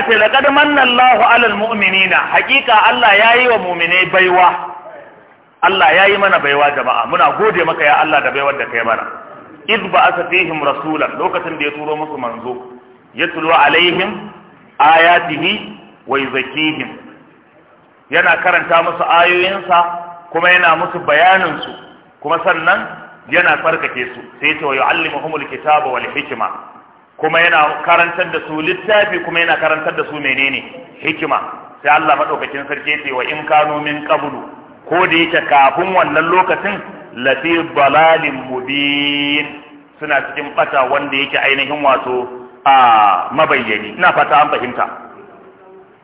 Allah ce laqad manna Allahu 'alal mu'minina hakika Allah yayi wa mu'minai baiwa Allah yayi mana baiwa jama'a muna gode maka ya Allah da baiwar da kai mana iz ba'atha fihim rasulan lokacin da ya turo musu manzo yatlu alaihim ayatihi wa yuzakkihim yana karanta musu ayoyinsa kuma yana musu bayanin su kuma sannan yana farkake su sai ya ce wa yu'allimuhumul kitaba wal hikma kuma yana karantar da su littafi kuma yana karantar da su menene hikima sai Allah madaukakin sarki ce wa in kanu min qablu ko da yake kafin wannan lokacin lafi dalalin mubin suna cikin bata wanda yake ainihin wato a mabayyani ina fata an fahimta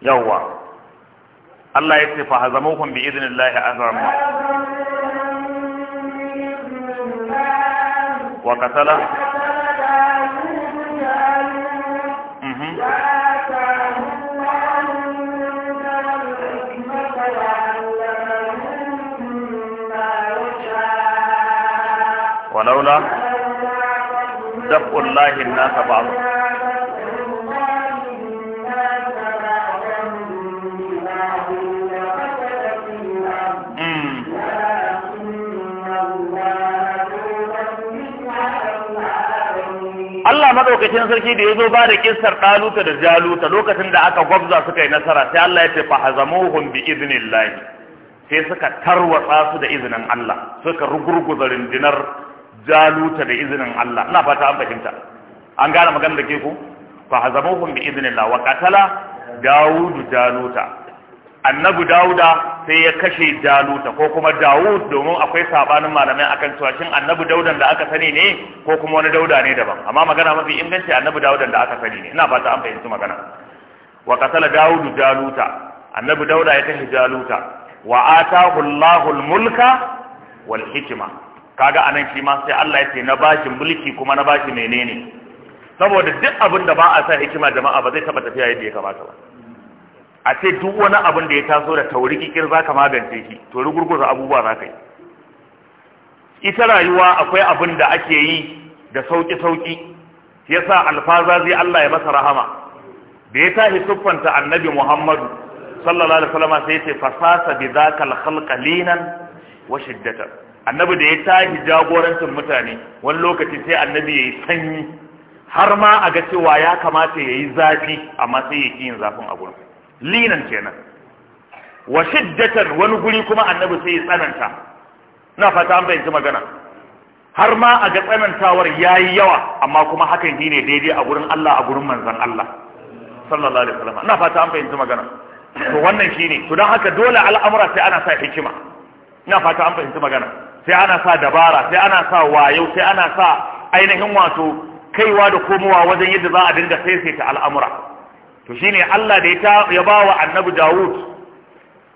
yawwa Allah ya ce fa hazamuhum bi idnillahi azam wa qatala ولولا دفع الله الناس بعضهم Allah madaukakin sarki da ya zo ba da kissar ɗaluta da jaluta lokacin da aka gwabza suka yi nasara sai Allah ya ce fa hazamuhum bi idnillahi sai suka tarwatsa su da izinin Allah suka rugurguza rundunar jaluta da izinin Allah ina fata an fahimta an gane magana da ke ku fa hazamuhum bi idnillah wa qatala daud jaluta annabi dauda sai ya kashe jaluta ko kuma dawud domin akwai sabanin malamai akan cewa shin annabi daudan da aka sani ne ko kuma wani dauda ne daban amma magana mafi inganci annabi daudan da aka sani ne ina fata an fahimci magana wa qatala daud jaluta annabi dauda ya kashe jaluta wa atahu allahul mulka wal hikma kaga anan shi ma sai Allah ya ce na bashi mulki kuma na bashi menene saboda duk abin da ba a sa hikima jama'a ba zai taba tafiya yadda ya kamata ba a ce duk wani abin da ya taso da tauri kikir ka magance shi to rugurguza abubuwa zaka yi ita rayuwa akwai abin da ake yi da sauki sauki sa alfaza zai Allah ya masa rahama da ya tashi siffanta annabi Muhammadu sallallahu alaihi wasallam sai ya ce fasasa bi zakal khalqa linan wa shiddatan annabi da ya tashi jagorancin mutane wani lokaci sai annabi ya yi sanyi har ma a ga cewa ya kamata ya yi zafi amma sai ya yin zafin a gurin linan kenan wa shiddatan wani guri kuma annabi sai ya tsananta na fata an fahimci magana har ma a ga tsanantawar ya yi yawa amma kuma hakan shi ne daidai a gurin Allah a gurin manzan Allah sallallahu alaihi wasallam ina fata an fahimci magana to wannan shine to don haka dole al'amura sai ana sa hikima ina fata an fahimci magana sai ana sa dabara sai ana sa wayo sai ana sa ainihin wato kaiwa da komowa wajen yadda za a dinga saisaita al'amura to shine Allah da ya ba wa annabi Dawud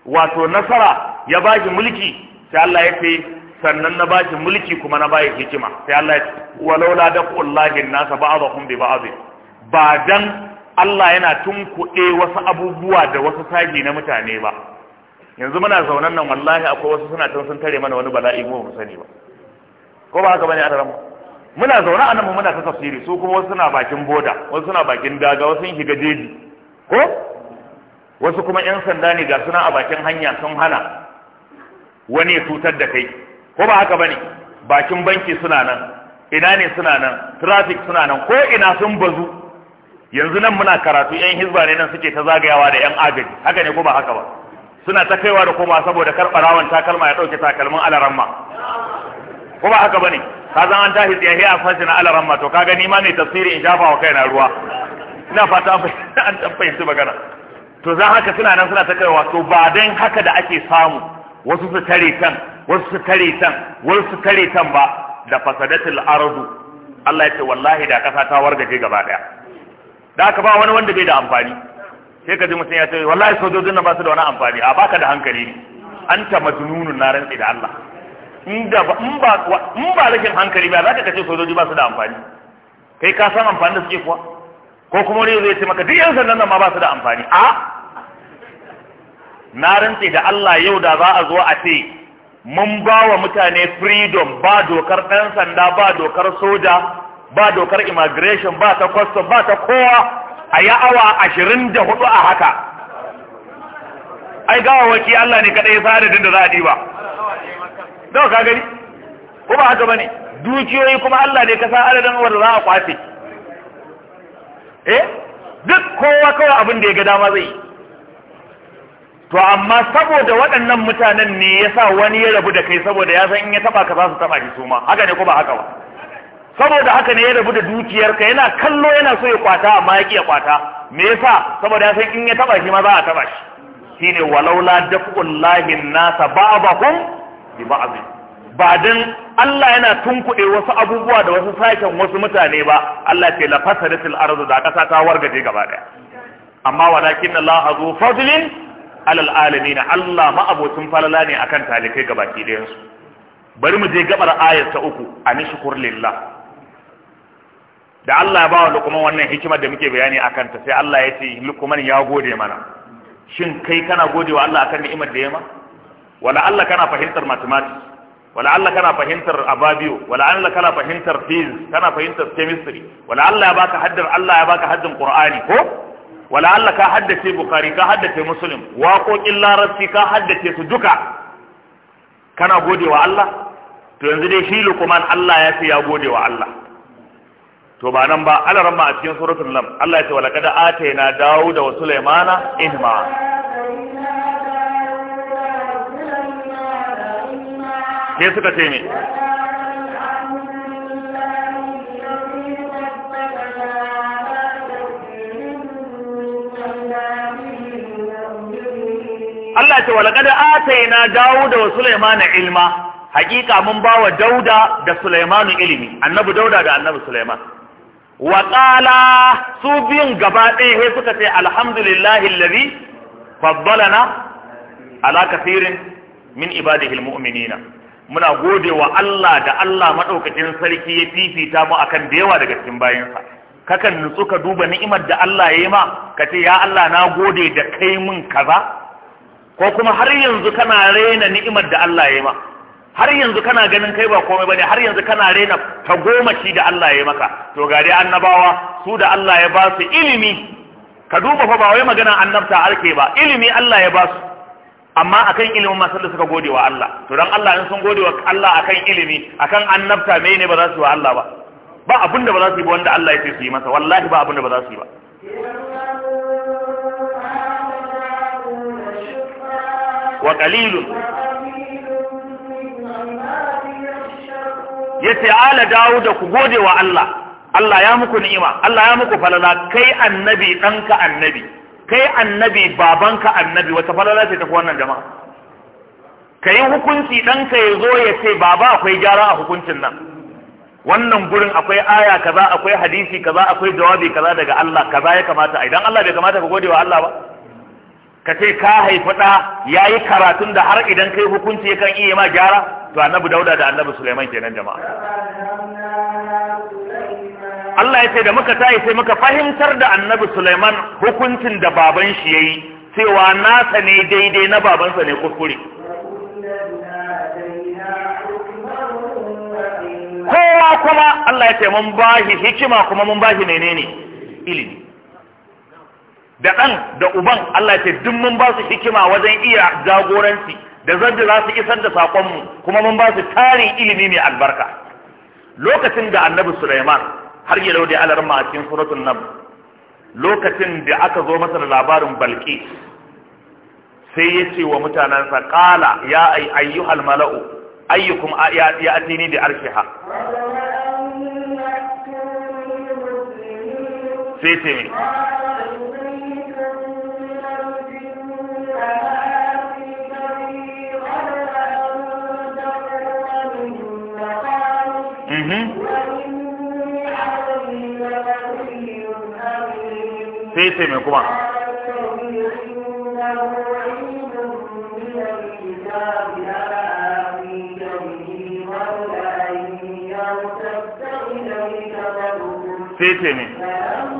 wato nasara ya bashi mulki sai Allah ya ce sannan na bashi mulki kuma na shi hikima sai Allah ya ce walaula da kullahi nasa ba'dhum bi ba'd ba dan Allah yana tunkuɗe wasu abubuwa da wasu saji na mutane ba yanzu muna zaunan nan wallahi akwai wasu suna tun sun tare mana wani bala'i mu mu sani ba ko ba haka bane a muna zaune a nan mu muna ta tafsiri su kuma wasu suna bakin boda wasu suna bakin daga wasu sun shiga jeji ko wasu kuma yan sanda ne ga suna a bakin hanya sun hana wani ya cutar da kai ko ba haka bane bakin banki suna nan ina ne suna nan traffic suna nan ko ina sun bazu yanzu nan muna karatu yan hizba ne nan suke ta zagayawa da yan agaji haka ne ko ba haka ba suna ta kaiwa da koma saboda rawan takalma ya ɗauke takalmin alaramma ko ba haka bane ka zan an tashi tsaye a fashi na alaramma to kaga ni ma ne tafsiri in shafa wa kaina ruwa ina fata an fahimci magana to zan haka suna nan suna ta kaiwa to ba dan haka da ake samu wasu su tare can wasu su tare can wasu su tare can ba da fasadatul ardu Allah ya ce wallahi da kasa ta wargaje gaba daya da haka ba wani wanda bai da amfani sai ka ji mutum ya ce wallahi sojojin nan ba su da wani amfani a baka da hankali ne an ta majnunun na rantsi da Allah in ba in ba rashin hankali ba za ka kace sojoji ba su da amfani kai ka san amfani da suke kuwa ko kuma wani zai ce maka duk yan sandan nan ma ba su da amfani a na rantsi da Allah yau da za a zo a ce mun ba wa mutane freedom ba dokar ɗan sanda ba dokar soja ba dokar immigration ba ta custom ba ta kowa a yi awa ashirin da hudu a haka ai waki Allah ne kaɗai sa adadin da za a ɗiba ka gani ko haka ba ne dukiyoyi kuma Allah ne ka sa adadin wanda za a kwace eh duk kowa kawai abin da ya ga dama zai to amma saboda waɗannan mutanen ne ya sa wani ya rabu da kai saboda ya san in ya taɓa ka za su taɓa shi su haka ne ko ba haka ba saboda haka ne ya rabu da dukiyarka yana kallo yana so ya kwata amma ya kiya kwata me yasa saboda ya san in ya taba shi ma za a taba shi shine walaula daf'ullahi nasa ba'dahum bi ba'd ba dan Allah yana tunkuɗe wasu abubuwa da wasu sakin wasu mutane ba Allah ce la fasadatil ardu da kasa ta wargaje gaba daya amma walakin Allah azu fadlin alal alamin Allah ma abocin falala ne akan talikai gabaki da su bari mu je gabar ayar ta uku anishkur lillah da Allah ba wa lukman wannan hikimar da muke bayani a kanta sai Allah ya ce lukman ya gode mana shin kai kana gode wa Allah akan ni'imar da ya ma wala Allah kana fahimtar mathematics wala Allah kana fahimtar ababiyo wala Allah kana fahimtar physics kana fahimtar chemistry wala Allah ya baka haddar Allah ya baka haddin Qur'ani ko wala Allah ka haddace Bukhari ka haddace Muslim waƙoƙin Larabci ka haddace su duka kana gode wa Allah to yanzu dai shi lukuman Allah ya ce ya gode wa Allah to ba nan ba alaran ma a cikin suratul lam Allah ya ce walaqad atayna dauda wa sulaymana ilma. Ke suka ce me Allah ce walaqad atayna Dawuda wa Sulaimana ilma hakika mun bawa Dauda da Sulaimanu ilimi annabi Dauda da annabi Sulaiman wa su biyun gaba ɗaya sai suka ce alhamdulillahi allazi faddalana ala kathirin min muna gode wa Allah da Allah madaukakin sarki ya fifita mu akan da yawa daga cikin bayansa kakan nutsu ka duba ni'imar da Allah ya yi ma ka ce ya Allah na gode da kai mun kaza ko kuma har yanzu kana raina ni'imar da Allah ya yi ma har yanzu kana ganin kai ba komai bane har yanzu kana rena tagomashi da Allah ya maka to ga dai annabawa su da Allah ya ba su ilimi ka duba fa ba wai magana annabta arke ba ilimi Allah ya ba su amma akan ilimin ma sallah suka gode wa Allah to dan Allah in sun gode wa Allah akan ilimi akan annabta me ne ba za su wa Allah ba ba abin da ba za su yi ba wanda Allah ya ce su yi masa wallahi ba abin da ba za su yi ba wa qalilun ce ala dawo da ku gode wa Allah Allah ya muku ni'ima Allah ya muku falala kai annabi ɗanka annabi kai annabi babanka annabi wata falala ce ta wannan jama'a ka yi hukunci ɗanka ya zo ya ce baba akwai gyara a hukuncin nan wannan gurin akwai aya kaza akwai hadisi kaza akwai jawabi kaza daga Allah kaza ya kamata idan Allah bai kamata ka gode wa Allah ba ka ce ka haifi ɗa ya yi karatun da har idan kai hukunci ya kan iya ma gyara to annabi dauda da annabi sulaiman kenan jama'a Allah ya ce da muka tayi sai muka fahimtar da annabi sulaiman hukuncin da baban shi yayi cewa nasa ne daidai na babansa ne kuskure kowa kuma Allah ya ce mun bashi hikima kuma mun bashi menene ilimi da ɗan da uban Allah ya ce duk mun ba su hikima wajen iya jagoranci da zarda za su isar da saƙonmu kuma mun ba su tarin ilimi mai albarka lokacin da annabi Suleiman har ya laudi alarma a cikin suratul nan, lokacin da aka zo masa da labarin balki sai ya ce wa mutanensa ƙala ya ayyuhal mala'u ayyukum ya atini da arshiha sai ce mai sai sai mai kuma sai sai mai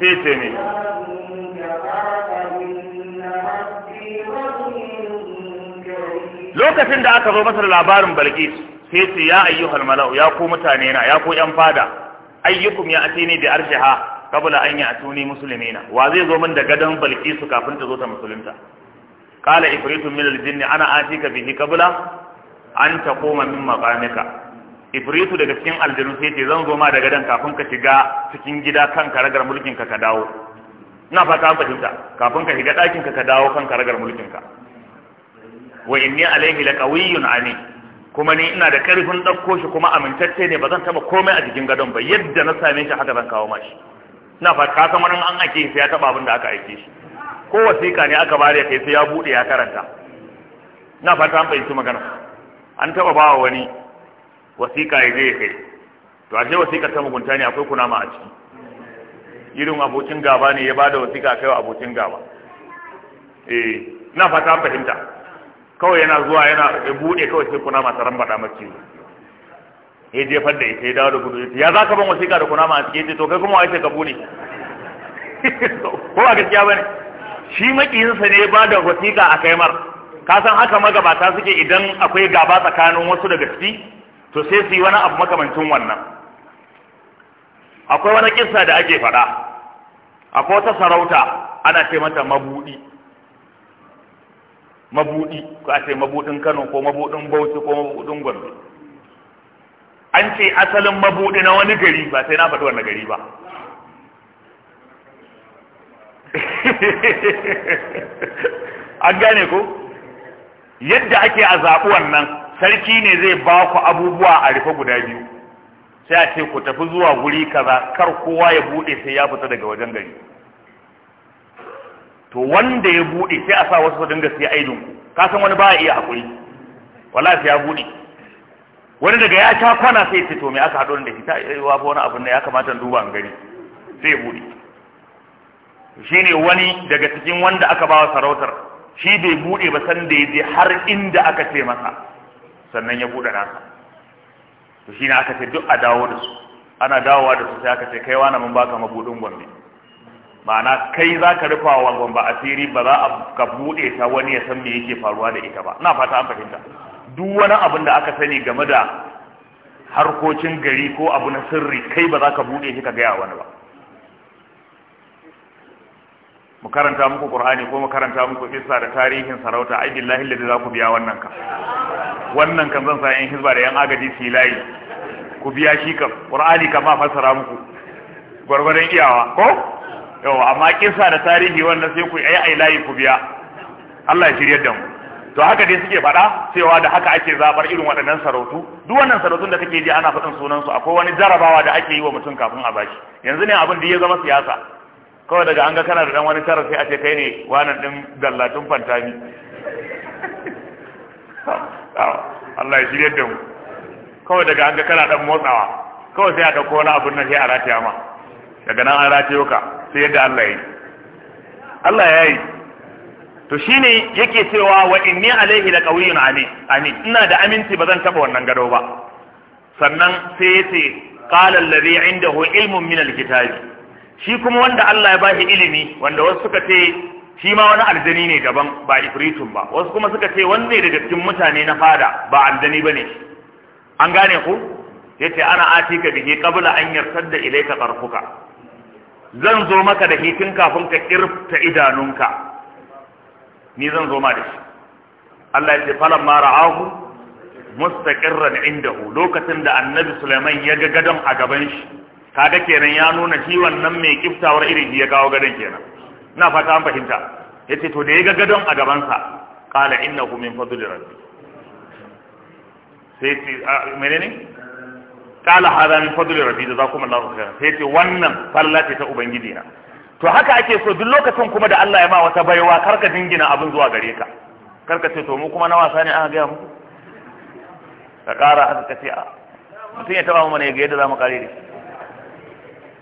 sai ne lokacin da aka zo masa da labarin balkis sai ce ya ayyuhal mala'u ya ku mutane na ya ku yan fada ayyukum ya da arshe ha kabula an yi a musulmi na. wa zai zo min da gadon balkisu kafin ta zo ta musulunta Kala ifritun min jinni ana ka bihi kabula an ta koma min maqamika ibritu daga cikin aljanu sai ce zan zo ma daga dan kafin ka shiga cikin gida kan karagar mulkin ka ka dawo ina fata an fahimta kafin ka shiga ɗakin ka ka dawo kan karagar mulkin ka wa inni alaihi laqawiyyun ani kuma ni ina da karfin ɗauko shi kuma amintacce ne ba zan taba komai a jikin gadon ba yadda na same shi haka zan kawo mashi ina fata ka san wani an ake sai ya taba abin da aka aike shi ko wasiƙa ne aka bari kai sai ya bude ya karanta ina fata an fahimci magana an taba bawa wani wasiƙa ya je ya kai to ashe wasiƙa ta mugunta ne akwai kunama a ciki irin abokin gaba ne ya ba da wasiƙa kai wa abokin gaba eh ina fata an fahimta kawai yana zuwa yana ya buɗe kawai sai kunama ta rambaɗa maki ya jefar da ita ya dawo da gudu ya za ka ban wasiƙa da kunama a ciki ya ce to kai kuma wa ka buɗe ko ba gaskiya ba ne shi makiyinsa ne ba da wasiƙa a kaimar ka san haka magabata suke idan akwai gaba tsakanin wasu daga ciki to sai su yi wani abu makamancin wannan akwai wani kissa da ake faɗa akwai wata sarauta ana ce mata mabuɗi mabuɗi ko a ce mabuɗin kano ko mabuɗin bauchi ko mabuɗin gombe an ce asalin mabuɗi na wani gari ba sai na faɗi wannan gari ba an gane ko yadda ake a zaɓi wannan sarki ne zai ba ku abubuwa a rufe guda biyu sai a ce ku tafi zuwa guri kaza kar kowa ya bude sai ya fita daga wajen gari to wanda ya bude sai a sa wasu su dinga sai aidin ku ka san wani baya iya hakuri wala sai ya bude wani daga ya ta kwana sai ce to me aka haɗo da shi ta yi eh, wa wani abin da ya kamata duba an gari sai ya bude shine wani daga cikin wanda aka bawa sarautar shi bai bude ba san da ya je har inda aka ce masa sannan ya buɗe nasa to shine aka ce duk a dawo da su ana dawowa da su sai aka ce kai wani mun baka mabuɗin gombe ma'ana kai za ka rufa wa gombe asiri ba za a buɗe ta wani ya san me yake faruwa da ita ba ina fata an fahimta duk wani abin da aka sani game da harkokin gari ko abu na sirri kai ba za ka buɗe shi ka gaya wani ba mu karanta muku qur'ani ko mu karanta muku kissa da tarihin sarauta aidillahi billahi za ku biya wannan ka wannan kan zan sa yan hizba da yan agaji su yi layi ku biya shi kam qur'ani kam ba fassara muku gwargwadon iyawa ko yau amma kisa da tarihi wannan sai ku yi ai layi ku biya Allah ya shiryar da mu to haka dai suke faɗa cewa da haka ake zabar irin waɗannan sarautu duk wannan sarautun da kake ji ana faɗin sunan su akwai wani jarabawa da ake yi wa mutum kafin a bashi yanzu ne abin da ya zama siyasa kawai daga an ga kana da dan wani tara sai a ce kai ne wannan din dallatun fantami motsawa Allah ya shirye da mu kawai daga an ga kana dan motsawa kawai sai aka kona abun nan sai a rataya ma daga nan an ratayo ka sai yadda Allah ya yi Allah ya yi to shine yake cewa wa inni alaihi la qawiyyun ani ani ina da aminci ba zan taba wannan gado ba sannan sai yace qala alladhi indahu ilmun min alkitabi shi kuma wanda Allah ya bashi ilimi wanda wasu suka ce shi ma wani aljani ne daban ba ifritun ba wasu kuma suka ce wanda ya daga cikin mutane na fada ba aljani ba ne? an gane ku Ya ce ana ati ka bihe qabla an yartadda ka karfuka. zan zo maka da hitin kafin ka kirta idanunka ni zan zo ma da shi Allah ya ce falan ma ra'ahu mustaqirran indahu lokacin da annabi Sulaiman ya ga gadon a gaban shi kaga kenan ya nuna shi wannan mai kiftawar irin ya kawo gadon kenan Ina fata an fahimta yace to da ya ga gadon a gabansa qala innahu min fadli rabbi sai ce menene qala hada min fadli rabbi Allah khairan sai ce wannan falla ce ta ubangiji na to haka ake so duk lokacin kuma da Allah ya ma wata baiwa karka dingina abin zuwa gare ka karka ce to mu kuma na wasa ne aka gaya mu. ka kara haka ka ce a mutum ya taɓa mana ya ga yadda za mu ƙare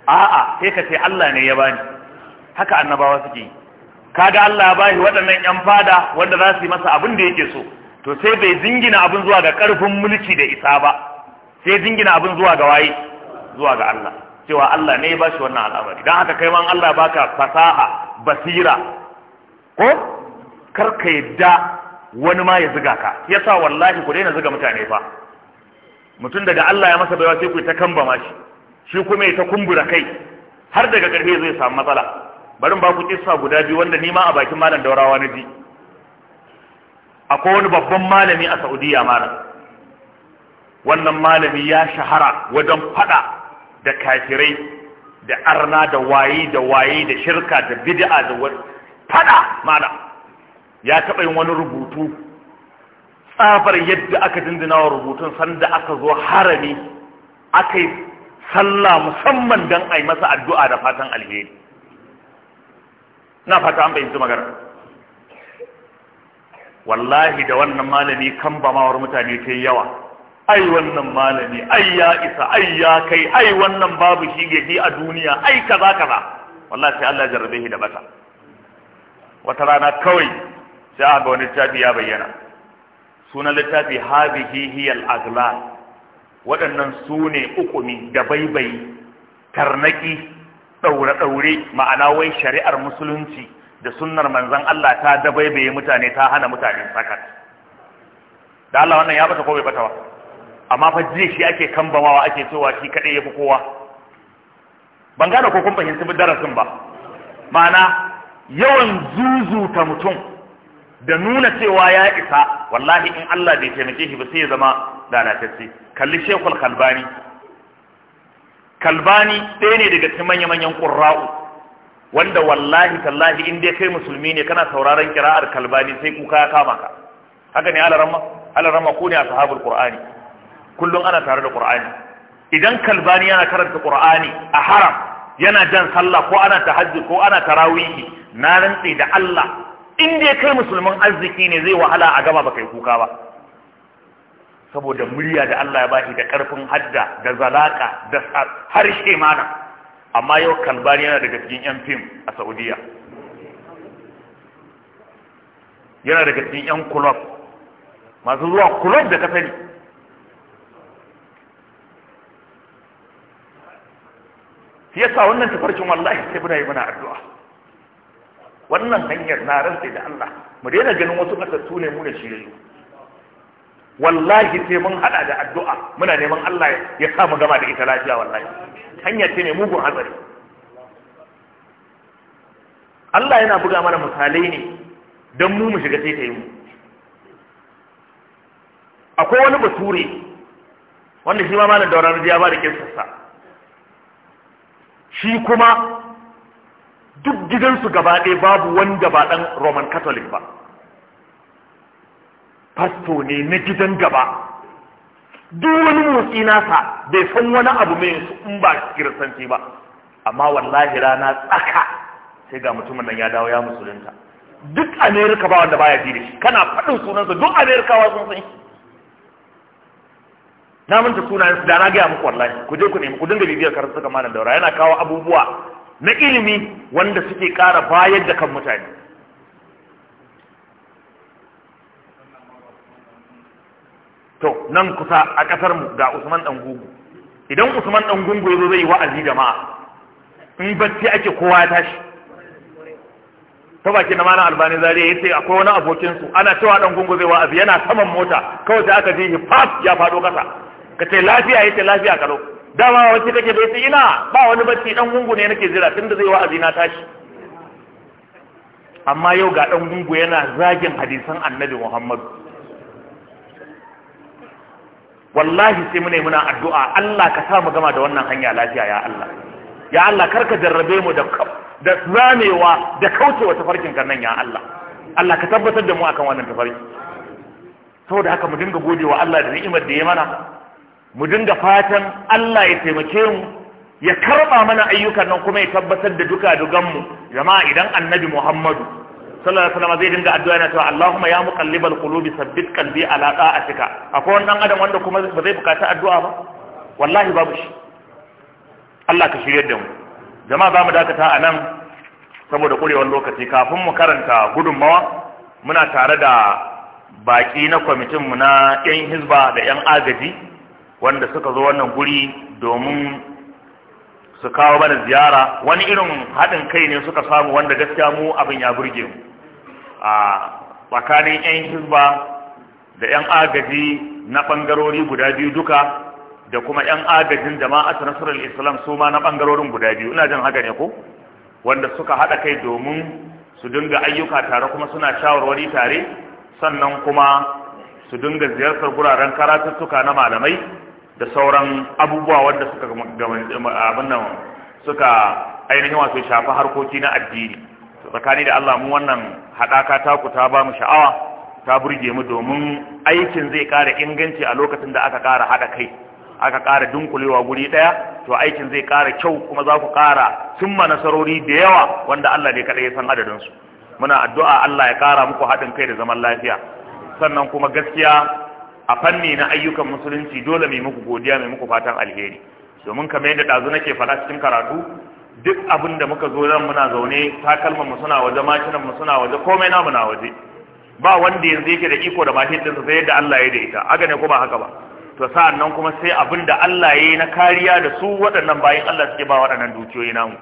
a a'a sai ka ce Allah ne ya bani haka annabawa suke yi kaga Allah ba shi waɗannan yan fada wanda za su yi masa abin da yake so to sai bai zingina abin zuwa ga ƙarfin mulki da isa ba sai zingina abin zuwa ga waye zuwa ga Allah cewa Allah ne ya ba shi wannan al'amari dan haka kai ma Allah baka fasaha basira ko kar ka yadda wani ma ya ziga ka yasa wallahi ku daina ziga mutane fa mutum daga Allah ya masa baiwa sai ku ta kamba mashi shi kuma ya ta kumbura kai har daga karfe zai samu matsala barin ba ku guda biyu wanda ni ma a bakin malam daurawa na ji akwai wani babban malami a saudiya mara wannan malami ya shahara wajen fada da kafirai da arna da waye da waye da shirka da bid'a da wani fada mara ya taɓa yin wani rubutu tsabar yadda aka dindina wa rubutun sanda aka zo harami aka yi sallah musamman don a yi masa addu'a da fatan alheri na fata an fahimci magana wallahi da wannan malami kan ba mawar mutane ta yawa ai wannan malami ai ya isa ai ya kai ai wannan babu shi gaji a duniya ai kaza kaza wallahi sai Allah jarrabe shi da bata wata rana kawai sai ga wani littafi ya bayyana sunan littafi habihi hiyal aglal waɗannan su ne ukumi da baibai karnaki daure ɗaure ma'ana wai shari'ar musulunci da sunnar manzan Allah ta dabaibaye mutane ta hana mutane sakat da Allah wannan ya bata ko bai bata ba amma fa jiya shi ake kambamawa ake cewa shi kaɗai ya kowa ban gane ko kun fahimci darasin ba ma'ana yawan zuzuta mutum da nuna cewa ya isa wallahi in Allah bai taimake shi ba sai ya zama lalatacce kalli shekul kalbani kalbani ɗaya ne daga cikin manya-manyan ƙurra'u wanda wallahi tallahi in dai kai musulmi ne kana sauraron kira'ar kalbani sai kuka ya kama ka haka ne alarama alarama ko ne a sahabar qur'ani kullum ana tare da Kur'ani. idan kalbani yana karanta Kur'ani a haram yana jan sallah ko ana tahajjud ko ana tarawihi na rantsi da Allah in dai kai musulmin arziki ne zai wahala a gama baka yi kuka ba saboda murya da Allah ya bashi da karfin hadda da zalaka da harshe mana amma yau kalbari yana daga cikin yan fim a saudiya yana daga cikin yan kulob masu zuwa kulob da kasani ya sa wannan tafarkin wallahi sai muna yi muna addu'a wannan hanyar na rantsa da Allah mu daina ganin wasu kasattu ne mu da shi wallahi sai mun hada da addu'a muna neman Allah ya sa mu gama da ita lafiya wallahi hanya ce mai mugun hatsari Allah yana buga mana misalai ne don mu mu shiga taitayi mu akwai wani bature wanda shi ma malam dauran ya ba da shi kuma duk gidansu gaba ɗaya babu wanda ba ɗan roman catholic ba fasto ne na gidan gaba duk wani motsi nasa bai san wani abu mai su in ba kiristanci ba amma wallahi rana tsaka sai ga mutumin nan ya dawo ya musulunta duk amerika ba wanda baya fili kana faɗin sunansa duk amerikawa sun san na manta sunayen su da na gaya muku wallahi ku je ku nemi ku dinga bibiyar karatu suka malam daura yana kawo abubuwa na ilimi wanda suke ƙara bayar da kan mutane to nan kusa a kasar mu ga Usman dan gungu idan Usman dan gungu yazo zai wa'azi jama'a in bacci ake kowa ya tashi ta baki na malam albani zariya yace akwai wani abokin su ana cewa dan gungu zai wa'azi yana saman mota kawai sai aka ji shi fast ya fado kasa kace lafiya yace lafiya kalo dama wacce take da yace ina ba wani bacci dan gungu ne nake jira tunda zai wa'azi na tashi amma yau ga dan gungu yana zagin hadisan annabi Muhammadu wallahi sai muna muna addu'a Allah ka sa mu gama da wannan hanya lafiya ya Allah ya Allah karka jarrabe mu da da zamewa da kaucewa tafarkin kan nan ya Allah Allah ka tabbatar da mu akan wannan tafarki saboda haka mu dinga godewa Allah da ni'imar da ya mana mu dinga fatan Allah ya taimake mu ya karba mana ayyukan nan kuma ya tabbatar da duka dugan mu jama'a idan annabi Muhammadu sallallahu alaihi wasallam zai dinga addu'a yana cewa Allahumma ya muqallibal qulubi sabbit qalbi ala ta'atika akwai wani dan adam wanda kuma ba zai bukata addu'a ba wallahi babu shi Allah ka shirye da mu jama'a za mu dakata a nan saboda kurewar lokaci kafin mu karanta gudunmawa muna tare da baki na kwamitin mu na yan hizba da yan agaji wanda suka zo wannan guri domin su kawo mana ziyara wani irin haɗin kai ne suka samu wanda gaskiya mu abin ya burge mu a tsakanin 'yan hizba da 'yan agaji na ɓangarori guda biyu duka da kuma 'yan agajin jama'at nasarar islam su ma na ɓangarorin guda biyu ina jan haga ne ko wanda suka haɗa kai domin su dinga ayyuka tare kuma suna shawarwari tare sannan kuma su dinga ziyartar guraren karatuttuka na malamai da sauran abubuwa wanda suka ainihin wato shafi harkoki na addini tsakani da Allah mu wannan haɗaka ta ku ta ba mu sha'awa ta burge mu domin aikin zai ƙara inganci a lokacin da aka ƙara haɗa kai aka ƙara dunkulewa guri ɗaya to aikin zai ƙara kyau kuma za ku ƙara cimma nasarori da yawa wanda Allah ne kaɗai ya san adadinsu muna addu'a Allah ya ƙara muku haɗin kai da zaman lafiya sannan kuma gaskiya a fanni na ayyukan musulunci dole mai muku godiya mai muku fatan alheri domin kamar yadda ɗazu nake faɗa cikin karatu duk abin da muka zo nan muna zaune takalman mu suna waje mashinan mu suna waje komai namu na waje ba wanda yanzu yake da iko da mashin din sai yadda Allah ya da ita haka ne ko ba haka ba to sa'an kuma sai abin da Allah ya yi na kariya da su waɗannan bayan Allah suke ba waɗannan dukiyoyi namu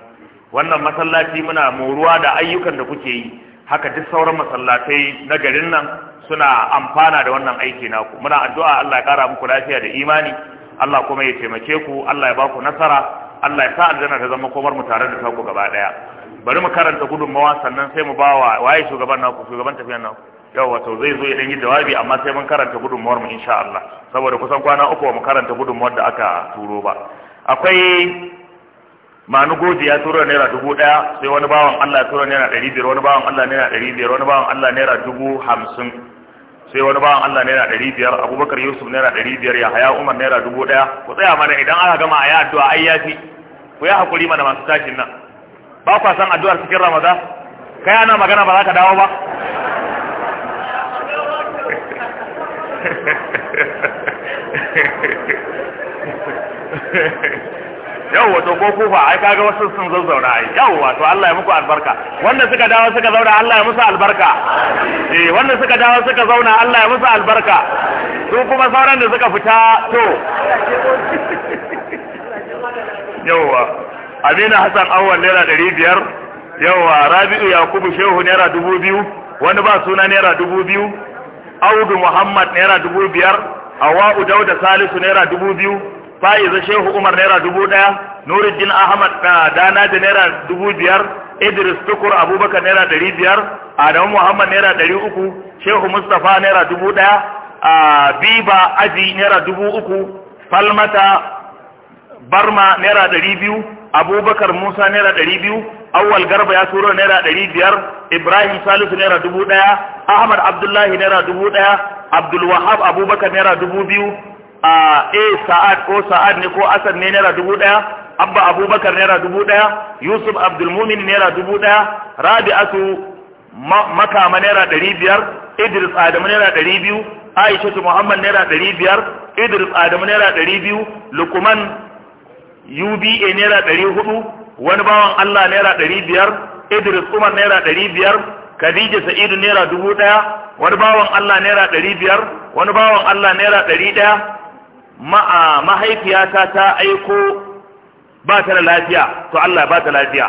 wannan masallaci muna moruwa da ayyukan da kuke yi haka duk sauran masallatai na garin nan suna amfana da wannan aiki naku muna addu'a Allah ya kara muku lafiya da imani Allah kuma ya taimake ku Allah ya ba ku nasara Allah ya sa aljanna ta zama komar mu tare da taku gaba daya bari mu karanta gudunmawa sannan sai mu ba wa waye shugaban naku shugaban tafiyan naku yau wato zai zo ya yi jawabi amma sai mun karanta gudunmawar mu insha Allah saboda kusan kwana uku mu karanta gudunmawar da aka turo ba akwai manu goji ya tura naira dubu daya sai wani bawan Allah ya tura naira ɗari biyar wani bawan Allah naira ɗari biyar wani bawan Allah naira dubu hamsin sai wani bawan Allah naira ɗari biyar abubakar yusuf naira ɗari biyar ya haya umar naira dubu ɗaya ku tsaya mana idan aka gama a yi addu'a ai yafi ku yi haƙuri mana masu tashin nan ba kwa san addu'ar cikin ramaza kai ana magana ba za ka dawo ba yau wato ko kufa ai kaga wasu sun zazzauna ai yau wato Allah ya muku albarka wanda suka dawo suka zauna Allah ya musu albarka eh wanda suka dawo suka zauna Allah ya musu albarka su kuma sauran da suka fita to yauwa Amina Hassan Awwal naira ɗari biyar yauwa Rabi'u Yakubu Shehu naira dubu biyu wani ba suna naira dubu biyu Audu Muhammad naira dubu biyar Hawa'u Dauda Salisu naira dubu biyu fa'iza shehu umar naira dubu ɗaya nuruddin ahmad ah, dana da naira dubu biyar idris tukur abubakar naira ɗari biyar adamu muhammad naira ɗari uku shehu mustapha naira dubu ɗaya ah, biba aji naira dubu uku falmata barma naira ɗari biyu abubakar musa naira ɗari biyu awwal garba ya turo naira ɗari biyar ibrahim salisu naira dubu ɗaya ahmad abdullahi naira dubu ɗaya abdulwahab abubakar naira dubu biyu a a sa'ad ko sa'ad ne ko asad ne naira dubu ɗaya abba abubakar naira dubu ɗaya yusuf abdulmumin naira dubu ɗaya rabi'atu makama naira ɗari biyar idris adamu naira ɗari biyu aishatu muhammad naira ɗari biyar idris adamu naira ɗari biyu lukuman uba naira ɗari hudu wani bawan allah naira ɗari biyar idris umar naira ɗari biyar khadija sa'idu naira dubu ɗaya wani bawan allah naira ɗari biyar wani bawan allah naira ɗari ɗaya ma'a mahaifiyata ta aiko ba ta da lafiya to Allah ba ta lafiya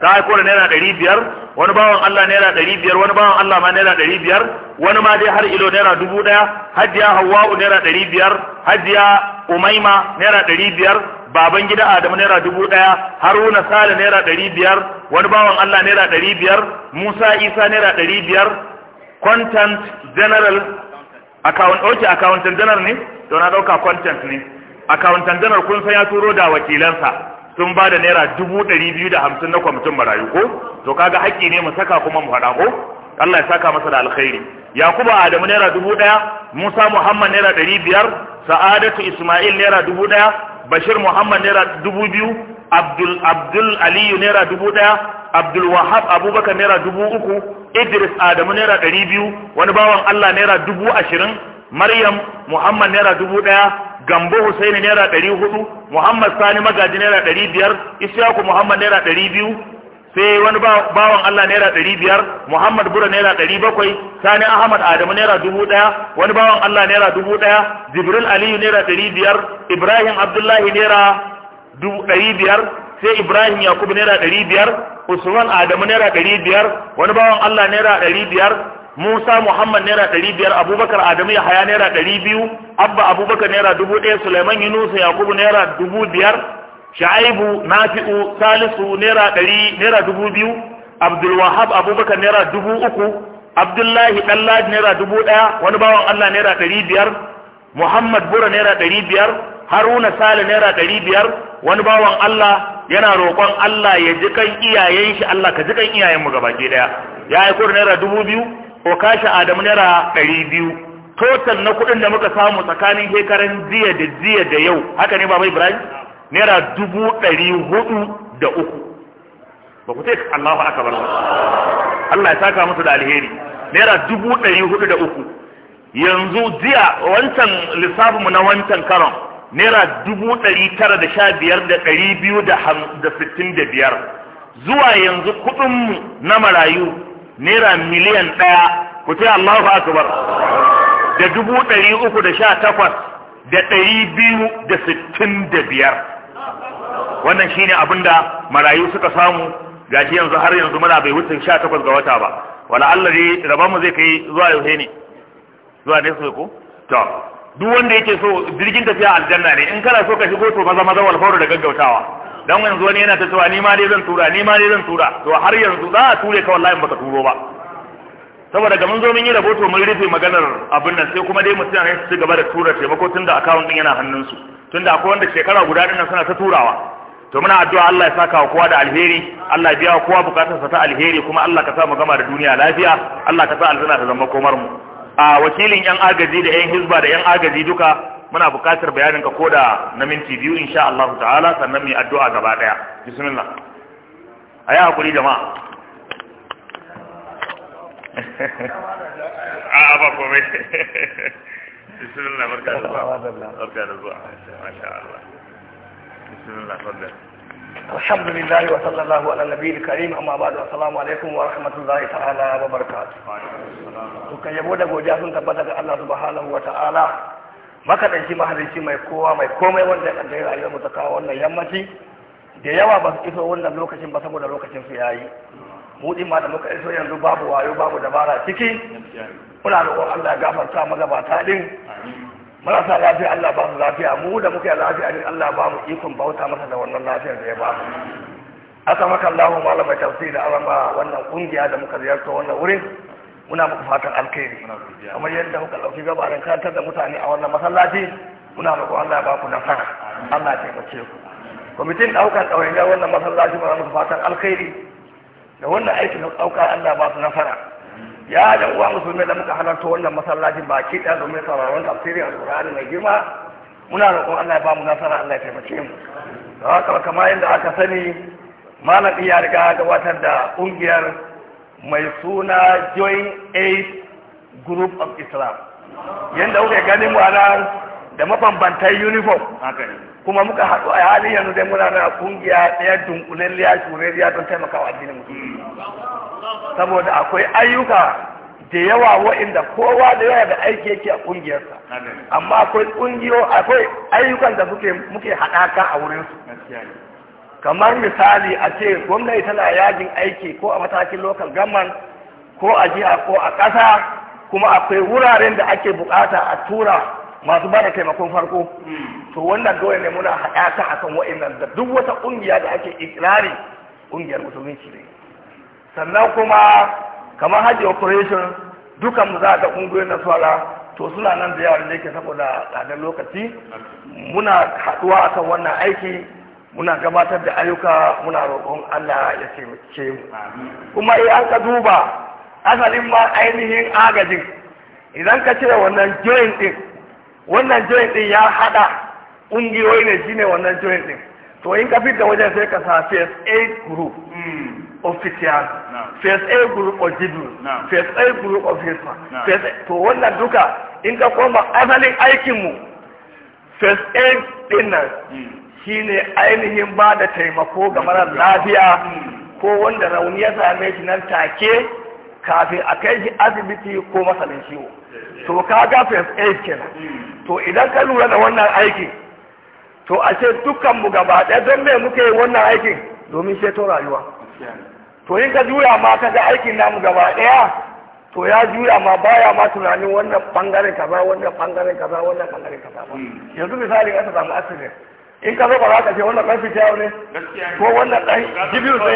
ta aiko da naira ɗari biyar wani bawan Allah naira ɗari biyar wani bawan Allah ma naira ɗari biyar wani ma dai har ilo naira dubu ɗaya hajiya hawa'u naira ɗari biyar hajiya umaima naira ɗari biyar baban gida adamu naira dubu ɗaya haruna sale naira ɗari biyar wani bawan Allah naira ɗari biyar musa isa naira ɗari biyar contant general account oke accountant general ne to na dauka content ne accountant general kun san ya turo da wakilansa sun ba da naira dubu ɗari biyu da hamsin na kwamitin marayu ko to kaga haƙƙi ne mu saka kuma mu haɗa ko Allah ya saka masa da alkhairi Yakubu Adamu naira dubu ɗaya Musa Muhammad naira ɗari biyar Sa'adatu Ismail naira dubu ɗaya Bashir Muhammad naira dubu biyu Abdul Abdul Aliyu naira dubu ɗaya abdulwahab abubakar naira dubu uku idris adamu naira ɗari biyu wani bawan allah naira dubu ashirin maryam muhammad naira dubu ɗaya gambo husaini naira ɗari hudu muhammad sani magaji naira ɗari biyar isyaku muhammad naira ɗari biyu sai wani bawan Allah naira ɗari biyar Muhammad Bura naira ɗari bakwai Sani Ahmad Adamu naira dubu ɗaya wani bawan Allah naira dubu ɗaya Jibril Aliyu naira ɗari biyar Ibrahim Abdullahi naira ɗari biyar sai ibrahim yakubu naira ɗari biyar usman adamu naira ɗari biyar wani bawan allah naira ɗari biyar musa muhammad naira ɗari biyar abubakar adamu yahaya naira ɗari biyu abba abubakar naira dubu ɗaya suleiman yunusu yakubu naira dubu biyar sha'aibu nafi'u salisu naira ɗari naira dubu biyu abdulwahab abubakar naira dubu uku abdullahi ɗanladi naira dubu ɗaya wani bawan allah naira ɗari biyar muhammad bura naira ɗari biyar haruna sale naira ɗari biyar wani bawan allah yana roƙon allah ya ji kan iyayen shi allah ka ji kan iyayen mu gabaki ɗaya ya aiko da naira dubu biyu kashi adamu naira ɗari biyu total na kuɗin da muka samu tsakanin shekaran jiya da jiya da yau haka ne baba ibrahim naira dubu ɗari hudu da uku ba ku sai allahu akabar allah ya saka musu da alheri naira dubu ɗari hudu da uku yanzu jiya wancan lissafinmu na wancan karon naira dubu ɗari tara da sha biyar da ɗari biyu da sittin da biyar zuwa yanzu kuɗinmu na marayu naira miliyan ɗaya ku ce Allahu akbar da dubu ɗari uku da sha takwas da ɗari biyu da sittin da biyar wannan shine abin da marayu suka samu gashi yanzu har yanzu muna bai wuce sha takwas ga wata ba wala Allah dai rabonmu zai kai zuwa yau ne zuwa ne su ko to duk wanda yake so jirgin tafiya aljanna ne in kana so ka shigo to maza maza walfaru da gaggautawa dan yanzu wani yana ta cewa ni ma dai zan tura ni ma dai zan tura to har yanzu za a ture ka wallahi baka turo ba saboda ga mun zo mun yi rahoto mun rufe maganar abin nan sai kuma dai mutum ne su gaba da tura taimako tunda akawun din yana hannunsu tunda akwai wanda shekara guda din suna ta turawa to muna addu'a Allah ya saka wa kowa da alheri Allah ya biya wa kowa bukatarsa ta alheri kuma Allah ka sa mu gama da duniya lafiya Allah ka sa aljanna ta zama komar mu a wakilin yan agaji da yan hizba da yan agaji duka muna buƙatar bayanin ka koda na minti biyu insha Allah ta'ala sannan mu yi addu'a gaba daya bismillah ayi hakuri jama'a a ba ko mai bismillah barka da zuwa barka da zuwa masha Allah bismillah fadlan الحمد لله وصلى الله على النبي الكريم amma ba da assalamu alaikum wa rahmatullahi ta'ala wa barakatuh to kan yabo da godiya sun tabbata ga Allah subhanahu wa ta'ala makadanci mahalicci mai kowa mai komai wanda ya kaddai rayuwar mu kawo wannan yammaci da yawa ba su iso wannan lokacin ba saboda lokacin su yayi mu din ma da muka iso yanzu babu wayo babu dabara ciki muna roƙon Allah ya gafarta magabata din marasa lafiya Allah ba mu lafiya mu da muke lafiya ne Allah ba mu ikon bauta masa da wannan lafiyar da ya ba mu aka maka Allah malama tafsir da arama wannan kungiya da muka ziyarta wannan wurin muna muku fatan alkhairi kamar yadda muka dauki gabarin kantar da mutane a wannan masallaci muna muku Allah ba ku nasara Allah ya taimake ku kwamitin daukar ɗawainiyar wannan masallaci muna muku fatan alkhairi da wannan aikin daukar Allah ba su nasara ya da uwa musulmi da muka halarta wannan masallacin baki ɗaya domin sauraron tafsirin alƙur'ani mai girma muna roƙon Allah ya ba mu nasara Allah ya taimake mu da haka kamar yadda aka sani malam iya riga gabatar da ƙungiyar mai suna join aid group of islam yadda kuka gani mu da mabambantan uniform kuma muka haɗu a halin yanzu dai muna da ƙungiya ɗaya dunkulalliya liya don taimakawa addinin musulmi saboda akwai ayyuka da yawa wa'inda kowa da yawa da aiki yake a ƙungiyarsa amma akwai ƙungiyo akwai ayyukan da suke muke haɗaka a wurin su. kamar misali a ce gwamnati tana yajin aiki ko a matakin local government ko a jiha ko a ƙasa kuma akwai wuraren da ake bukata a tura masu bada taimakon farko hmm. to wannan dole ne muna haɗaka akan wa'annan da duk wata ƙungiya da ake ikirari ƙungiyar musulunci ne sannan kuma kamar hajji operation duka mu za ga ƙungiyoyin nasara to suna nan da yawon da yake saboda tsadar lokaci muna haɗuwa akan wannan aiki muna gabatar da ayyuka muna roƙon Allah ya taimake mu kuma iya an ka duba asalin ma ainihin agajin idan ka cire wannan joint din wannan joint din ya haɗa ƙungiyoyi ne shine wannan joint din to in ka fita wajen sai ka sa first aid group hmm. officials first a group of jibril first a group of hisma to wannan duka in ka koma asalin aikinmu first aid din nan hmm. shi ainihin ba da taimako ga mara hmm. lafiya hmm. ko wanda rauni ya same shi nan take kafin a kai shi asibiti ko masanin ciwo to ka ga first aid kenan to idan ka lura da wannan aikin to a ashe dukkanmu gaba ɗaya don me muke yi wannan aikin domin ceto rayuwa to in ka juya ma ka ga aikin namu gaba ɗaya to ya juya ma baya ma tunanin wannan bangaren kaza wannan bangaren kaza wannan bangaren kaza ba hmm. yanzu misali ka samu asiri in ka zo ba za ka ce wannan ɗan fitiyawa ne ko wannan ɗan jibiru ne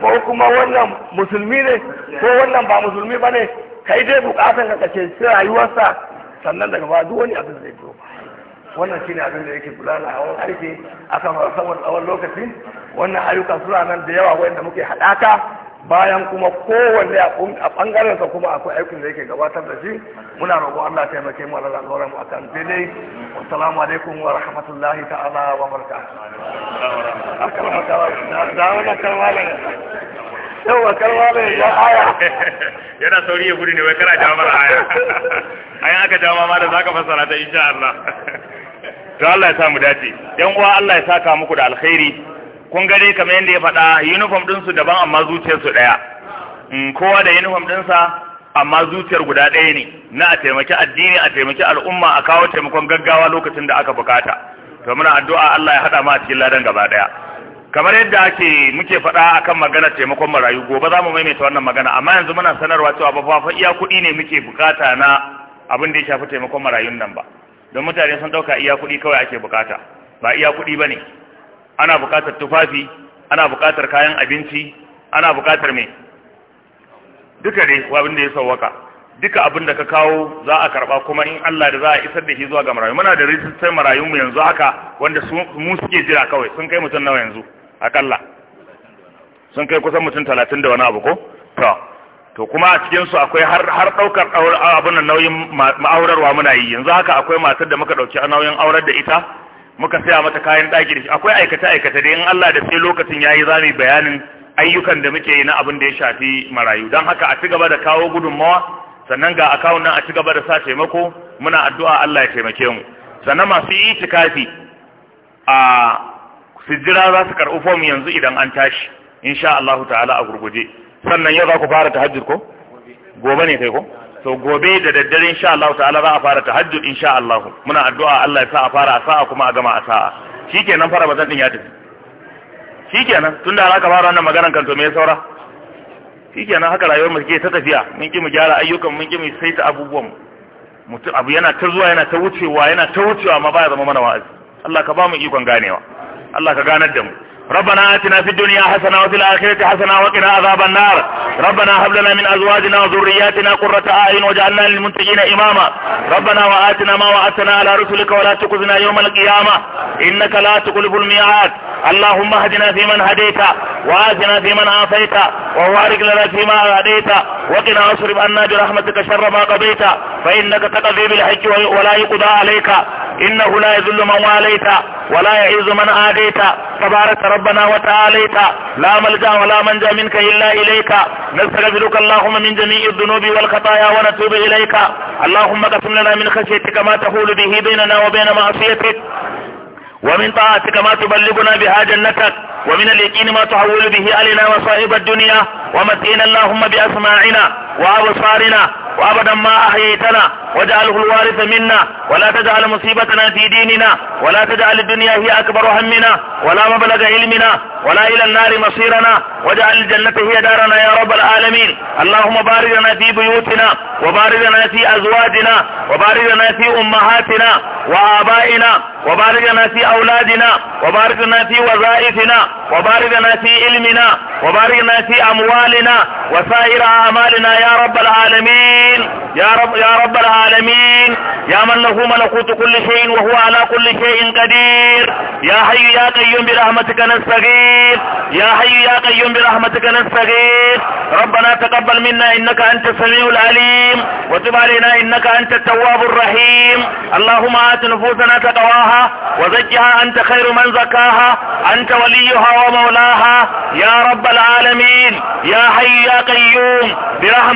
ko kuma wannan musulmi ne ko wannan ba musulmi ba ne kai dai bukatan ka ce sai rayuwarsa sannan daga ba duk wani abin zai biyo wannan shine abin da yake kula da hawan aiki akan saboda tsawon lokaci wannan ayyuka suna nan da yawa wanda muke haɗaka bayan kuma kowanne a ɓangarensa kuma akwai aikin da yake gabatar da shi muna roƙon Allah ta yamake mu Allah alƙawarin mu akan daidai assalamu alaikum wa rahmatullahi ta'ala wa barakatuh akalma kalma da wannan kalma ne yawa kalma ne ya aya yana sauri ya gudu ne wai kana jawo aya. aya ayan aka jawo ma da zaka fassara ta insha Allah to Allah ya sa mu dace yan uwa Allah ya saka muku da alkhairi kun gare kamar yadda ya faɗa uniform ɗinsu daban amma zuciyarsu ɗaya mm, kowa da uniform ɗinsa amma zuciyar guda ɗaya ne na a taimaki addini a taimaki al'umma a kawo taimakon gaggawa lokacin da aka bukata to muna addu'a Allah ya haɗa mu a cikin ladan gaba ɗaya kamar yadda ake muke faɗa akan magana taimakon marayu gobe za mu maimaita wannan magana amma yanzu muna sanarwa cewa ba fa iya kuɗi ne muke bukata na abin da ya shafi taimakon marayun nan ba don mutane sun ɗauka iya kuɗi kawai ake bukata ba iya kuɗi ba ne ana buƙatar tufafi ana buƙatar kayan abinci ana buƙatar me duka dai abin da ya sauwaka duka abin da ka kawo za a karɓa kuma in Allah da za a isar da shi zuwa ga marayu muna da rijistar marayun mu yanzu haka wanda mu suke jira kawai sun kai mutum nawa yanzu akalla sun kai kusan mutum talatin da wani abu ko to to kuma a cikin su akwai har har ɗaukar abin nauyin ma'aurarwa muna yi yanzu haka akwai matar da muka ɗauki nauyin aurar da ita muka saya mata kayan ɗaki da shi akwai aikata aikata dai in Allah da sai lokacin yayi zami bayanin ayyukan da muke yi na abin da ya shafi marayu don haka a ci gaba da kawo gudunmawa sannan ga akawun nan a ci gaba da sa taimako muna addu'a Allah ya taimake mu sannan masu yi itikafi a sijira za su karɓi fom yanzu idan an tashi insha Allah ta'ala a gurguje sannan yau za ku fara tahajjud ko gobe ne kai ko to gobe da daddare insha Allah ta'ala za a fara tahajjud insha Allah muna addu'a Allah ya sa a fara a sa'a kuma a gama a sa'a shikenan fara bazan din ya tafi shikenan tunda har aka fara wannan maganar kan to me saura shikenan haka rayuwar mu take ta tafiya mun ki mu gyara ayyukan mun ki mu saita abubuwan mutum abu yana ta zuwa yana ta wucewa yana ta wucewa amma ya zama mana wa'azi Allah ka ba mu ikon ganewa Allah ka ganar da mu ربنا آتنا في الدنيا حسنة وفي الآخرة حسنة وقنا عذاب النار ربنا هب لنا من أزواجنا وذرياتنا قرة أعين وجعلنا للمنتجين إماما ربنا وآتنا ما وعدتنا على رسلك ولا تقذنا يوم القيامة إنك لا تقلب الميعاد اللهم اهدنا فيمن هديت وآتنا فيمن عافيت ووارك لنا فيما هديت وقنا أصرف عنا برحمتك شر ما قضيت فإنك تقضي بالحج ولا يقضى عليك إنه لا يذل من واليت ولا يعز من آديت تبارك ربنا وتعاليت لا ملجا ولا منجا منك إلا إليك نستغفرك اللهم من جميع الذنوب والخطايا ونتوب إليك اللهم قسم لنا من خشيتك ما تحول به بيننا وبين معصيتك ومن طاعتك ما تبلغنا بها جنتك ومن اليقين ما تحول به علينا وصائب الدنيا ومتئنا اللهم بأسماعنا وأبصارنا وأبدا ما أحييتنا وجعله الوارث منا ولا تجعل مصيبتنا في ديننا ولا تجعل الدنيا هي أكبر همنا ولا مبلغ علمنا ولا إلى النار مصيرنا وجعل الجنة هي دارنا يا رب العالمين اللهم بارزنا في بيوتنا وبارزنا في أزواجنا وبارزنا في أمهاتنا وآبائنا وبارزنا في أولادنا وبارزنا في وظائفنا وبارزنا في علمنا وبارزنا في أموالنا وسائر أعمالنا يا يا رب العالمين يا رب يا رب العالمين يا من له ملكوت كل شيء وهو على كل شيء قدير يا حي يا قيوم برحمتك نستغيث يا حي يا قيوم برحمتك نستغيث ربنا تقبل منا انك انت السميع العليم وتب علينا انك انت التواب الرحيم اللهم ات نفوسنا تقواها وزكها انت خير من زكاها انت وليها ومولاها يا رب العالمين يا حي يا قيوم برحمتك